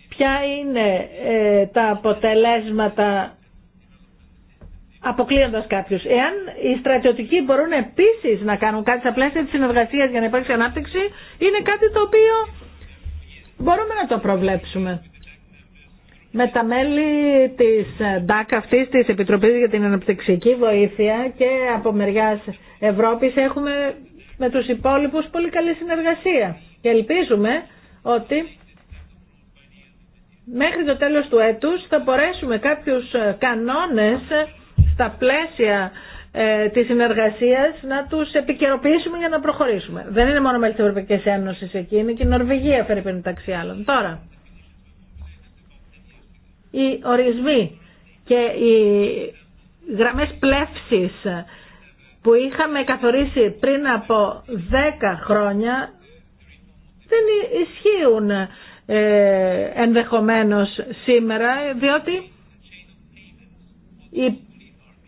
ποια είναι ε, τα αποτελέσματα αποκλείοντας κάποιους. Εάν οι στρατιωτικοί μπορούν επίσης να κάνουν κάτι στα πλαίσια τη συνεργασία για να υπάρξει ανάπτυξη, είναι κάτι το οποίο μπορούμε να το προβλέψουμε. Με τα μέλη της Ντάκα αυτής της Επιτροπής για την Αναπτυξιακή Βοήθεια και από μεριάς Ευρώπης έχουμε με τους υπόλοιπους πολύ καλή συνεργασία. Και ελπίζουμε ότι μέχρι το τέλος του έτους θα μπορέσουμε κάποιους κανόνες στα πλαίσια ε, της συνεργασίας να τους επικαιροποιήσουμε για να προχωρήσουμε. Δεν είναι μόνο μέλη τη Ευρωπαϊκή Ένωση εκεί, είναι και η Νορβηγία φέρει μεταξύ άλλων. Τώρα, οι ορισμοί και οι γραμμές πλεύση που είχαμε καθορίσει πριν από 10 χρόνια δεν ισχύουν ε, ενδεχομένως σήμερα διότι η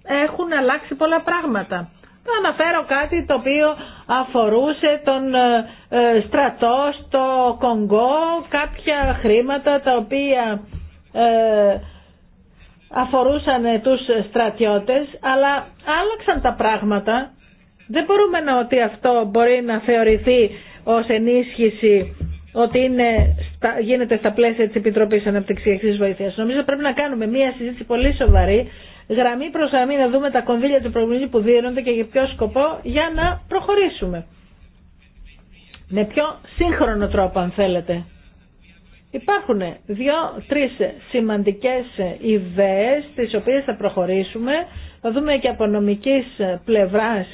έχουν αλλάξει πολλά πράγματα. Θα αναφέρω κάτι το οποίο αφορούσε τον ε, ε, στρατό στο Κονγκό, κάποια χρήματα τα οποία ε, αφορούσαν τους στρατιώτες, αλλά άλλαξαν τα πράγματα. Δεν μπορούμε να ότι αυτό μπορεί να θεωρηθεί ως ενίσχυση ότι είναι, γίνεται στα πλαίσια της Επιτροπής Αναπτυξιακής Βοήθειας. Νομίζω πρέπει να κάνουμε μία συζήτηση πολύ σοβαρή γραμμή προς γραμμή να δούμε τα κονδύλια του προβλήματος που δίνονται και για ποιο σκοπό για να προχωρήσουμε. Με πιο σύγχρονο τρόπο αν θέλετε. Υπάρχουν δύο-τρεις σημαντικές ιδέες τις οποίες θα προχωρήσουμε. Θα δούμε και από νομικής πλευράς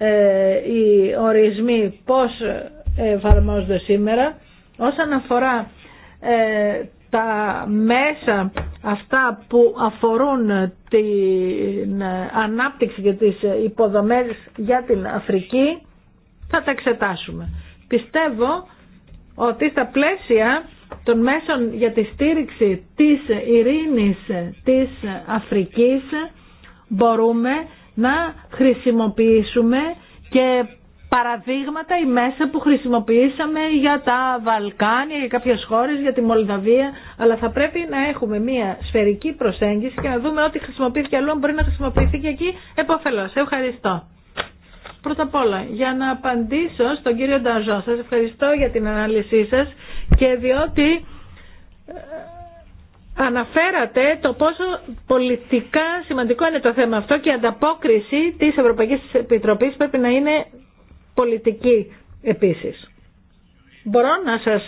ε, οι ορισμοί πώς ε, εφαρμόζονται σήμερα. Όσον αφορά ε, τα μέσα αυτά που αφορούν την ανάπτυξη και τις υποδομές για την Αφρική θα τα εξετάσουμε. Πιστεύω ότι στα πλαίσια των μέσων για τη στήριξη της ειρήνης της Αφρικής μπορούμε να χρησιμοποιήσουμε και παραδείγματα ή μέσα που χρησιμοποιήσαμε για τα Βαλκάνια, για κάποιες χώρες, για τη Μολδαβία, αλλά θα πρέπει να έχουμε μια σφαιρική προσέγγιση και να δούμε ότι χρησιμοποιήθηκε αλλού, μπορεί να χρησιμοποιηθεί και εκεί επωφελώς. Ευχαριστώ. Πρώτα απ' όλα, για να απαντήσω στον κύριο Νταζό, σας ευχαριστώ για την ανάλυση σας και διότι ε, αναφέρατε το πόσο πολιτικά σημαντικό είναι το θέμα αυτό και η ανταπόκριση της Ευρωπαϊκής Επιτροπής πρέπει να είναι πολιτική επίσης. Μπορώ να σας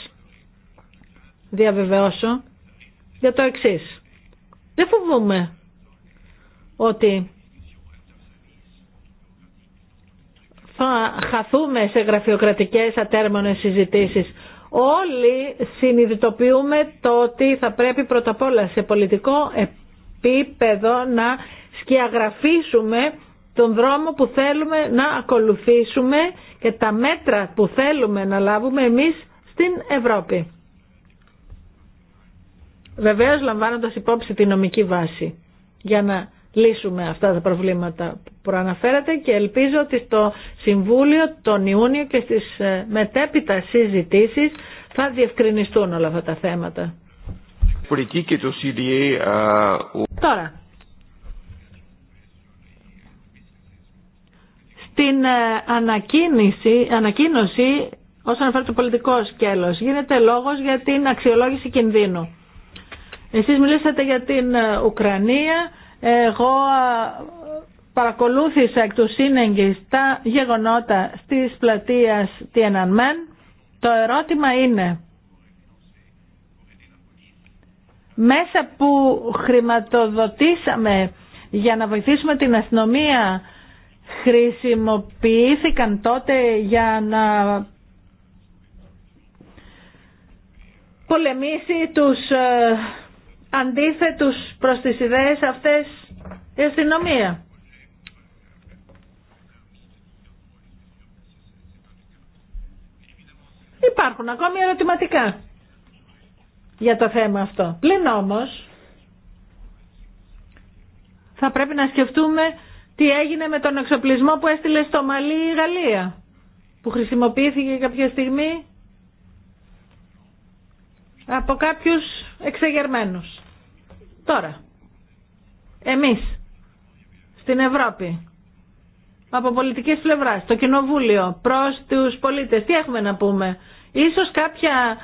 διαβεβαιώσω για το εξής. Δεν φοβούμε ότι θα χαθούμε σε γραφειοκρατικές ατέρμονες συζητήσεις. Όλοι συνειδητοποιούμε το ότι θα πρέπει πρώτα απ' όλα σε πολιτικό επίπεδο να σκιαγραφίσουμε τον δρόμο που θέλουμε να ακολουθήσουμε και τα μέτρα που θέλουμε να λάβουμε εμείς στην Ευρώπη. Βεβαίως λαμβάνοντας υπόψη τη νομική βάση για να λύσουμε αυτά τα προβλήματα που προαναφέρατε και ελπίζω ότι στο Συμβούλιο τον Ιούνιο και στις ε, μετέπειτα συζητήσεις θα διευκρινιστούν όλα αυτά τα θέματα. Ε, Τώρα, την ε, ανακοίνωση όσον αφορά το πολιτικό σκέλος. Γίνεται λόγος για την αξιολόγηση κινδύνου. Εσείς μιλήσατε για την ε, Ουκρανία. Εγώ ε, παρακολούθησα εκ του σύνεγγυς τα γεγονότα στις πλατείας Τιενανμέν. Το ερώτημα είναι μέσα που χρηματοδοτήσαμε για να βοηθήσουμε την αστυνομία χρησιμοποιήθηκαν τότε για να πολεμήσει τους ε, αντίθετους προς τις ιδέες αυτές η αστυνομία. Υπάρχουν ακόμη ερωτηματικά για το θέμα αυτό. Πλην όμως θα πρέπει να σκεφτούμε τι έγινε με τον εξοπλισμό που έστειλε στο Μαλή η Γαλλία, που χρησιμοποιήθηκε κάποια στιγμή από κάποιους εξεγερμένους. Τώρα, εμείς, στην Ευρώπη, από πολιτικές πλευράς, το Κοινοβούλιο, προς τους πολίτες, τι έχουμε να πούμε. Ίσως κάποια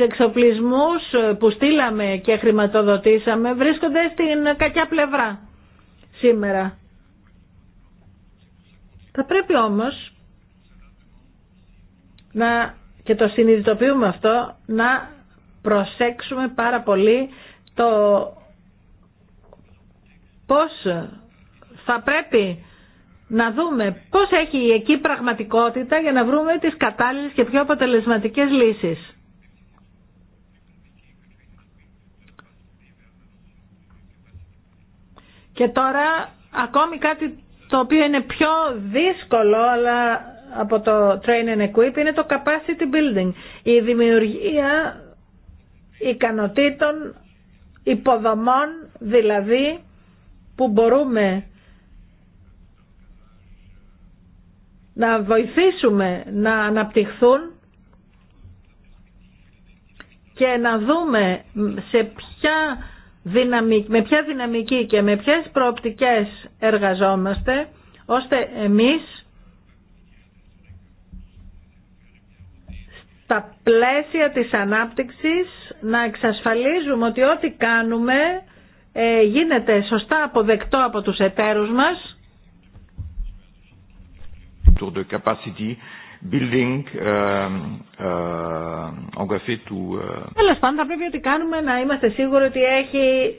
εξοπλισμούς που στείλαμε και χρηματοδοτήσαμε βρίσκονται στην κακιά πλευρά σήμερα. Θα πρέπει όμως να, και το συνειδητοποιούμε αυτό, να προσέξουμε πάρα πολύ το πώς θα πρέπει να δούμε πώς έχει η εκεί πραγματικότητα για να βρούμε τις κατάλληλες και πιο αποτελεσματικές λύσεις. Και τώρα ακόμη κάτι το οποίο είναι πιο δύσκολο αλλά από το train and equip είναι το capacity building. Η δημιουργία ικανοτήτων υποδομών δηλαδή που μπορούμε να βοηθήσουμε να αναπτυχθούν και να δούμε σε ποια δυναμική, με ποια δυναμική και με ποιες προοπτικές εργαζόμαστε ώστε εμείς στα πλαίσια της ανάπτυξης να εξασφαλίζουμε ότι ό,τι κάνουμε ε, γίνεται σωστά αποδεκτό από τους εταίρους μας building του... Um, uh, uh, Τέλος πάντων θα πρέπει ότι κάνουμε να είμαστε σίγουροι ότι έχει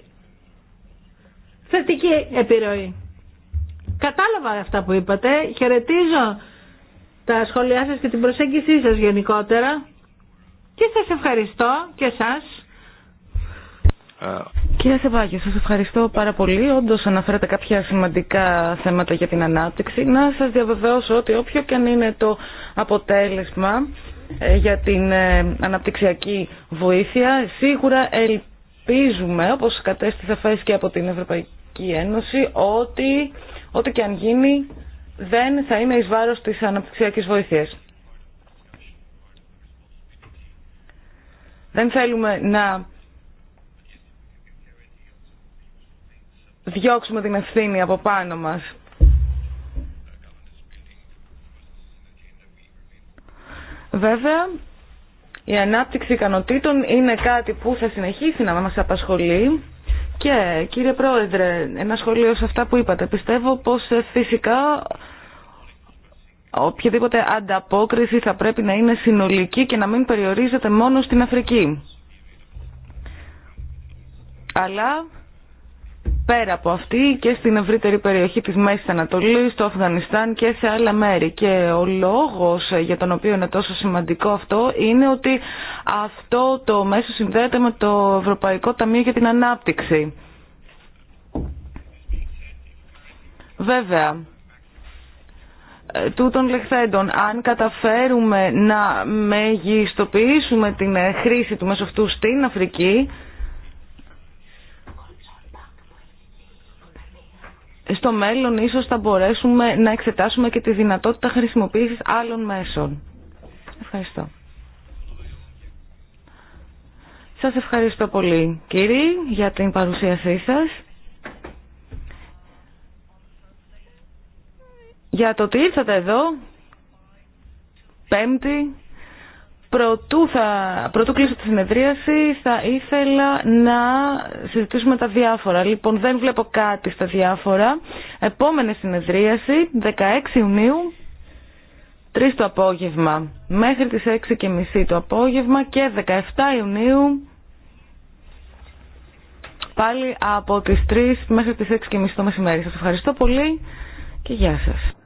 θετική επιρροή. Κατάλαβα αυτά που είπατε. Χαιρετίζω τα σχόλιά σας και την προσέγγισή σας γενικότερα. Και σας ευχαριστώ και σας uh, Κύριε Σεβάγιο, σας ευχαριστώ πάρα πολύ. Όντως αναφέρατε κάποια σημαντικά θέματα για την ανάπτυξη. Να σας διαβεβαιώσω ότι όποιο και αν είναι το αποτέλεσμα ε, για την ε, αναπτυξιακή βοήθεια, σίγουρα ελπίζουμε, όπως κατέστησε φέση και από την Ευρωπαϊκή Ένωση, ότι ό,τι και αν γίνει δεν θα είναι εις βάρος της αναπτυξιακής βοήθειας. Δεν θέλουμε να διώξουμε την ευθύνη από πάνω μας. Βέβαια, η ανάπτυξη ικανοτήτων είναι κάτι που θα συνεχίσει να μας απασχολεί και κύριε Πρόεδρε, ένα σχολείο σε αυτά που είπατε. Πιστεύω πως ε, φυσικά οποιαδήποτε ανταπόκριση θα πρέπει να είναι συνολική και να μην περιορίζεται μόνο στην Αφρική. Αλλά πέρα από αυτή και στην ευρύτερη περιοχή της Μέσης Ανατολής, στο Αφγανιστάν και σε άλλα μέρη. Και ο λόγος για τον οποίο είναι τόσο σημαντικό αυτό είναι ότι αυτό το μέσο συνδέεται με το Ευρωπαϊκό Ταμείο για την Ανάπτυξη. Βέβαια, ε, τούτων λεχθέντων, αν καταφέρουμε να μεγιστοποιήσουμε την ε, χρήση του μέσω αυτού στην Αφρική, στο μέλλον ίσως θα μπορέσουμε να εξετάσουμε και τη δυνατότητα χρησιμοποίησης άλλων μέσων. Ευχαριστώ. Σας ευχαριστώ πολύ κύριοι για την παρουσίασή σας. Για το ότι ήρθατε εδώ, πέμπτη, Πρωτού, θα, κλείσω τη συνεδρίαση θα ήθελα να συζητήσουμε τα διάφορα. Λοιπόν, δεν βλέπω κάτι στα διάφορα. Επόμενη συνεδρίαση, 16 Ιουνίου, 3 το απόγευμα, μέχρι τις 6.30 το απόγευμα και 17 Ιουνίου, πάλι από τις 3 μέχρι τις 6.30 το μεσημέρι. Σας ευχαριστώ πολύ και γεια σας.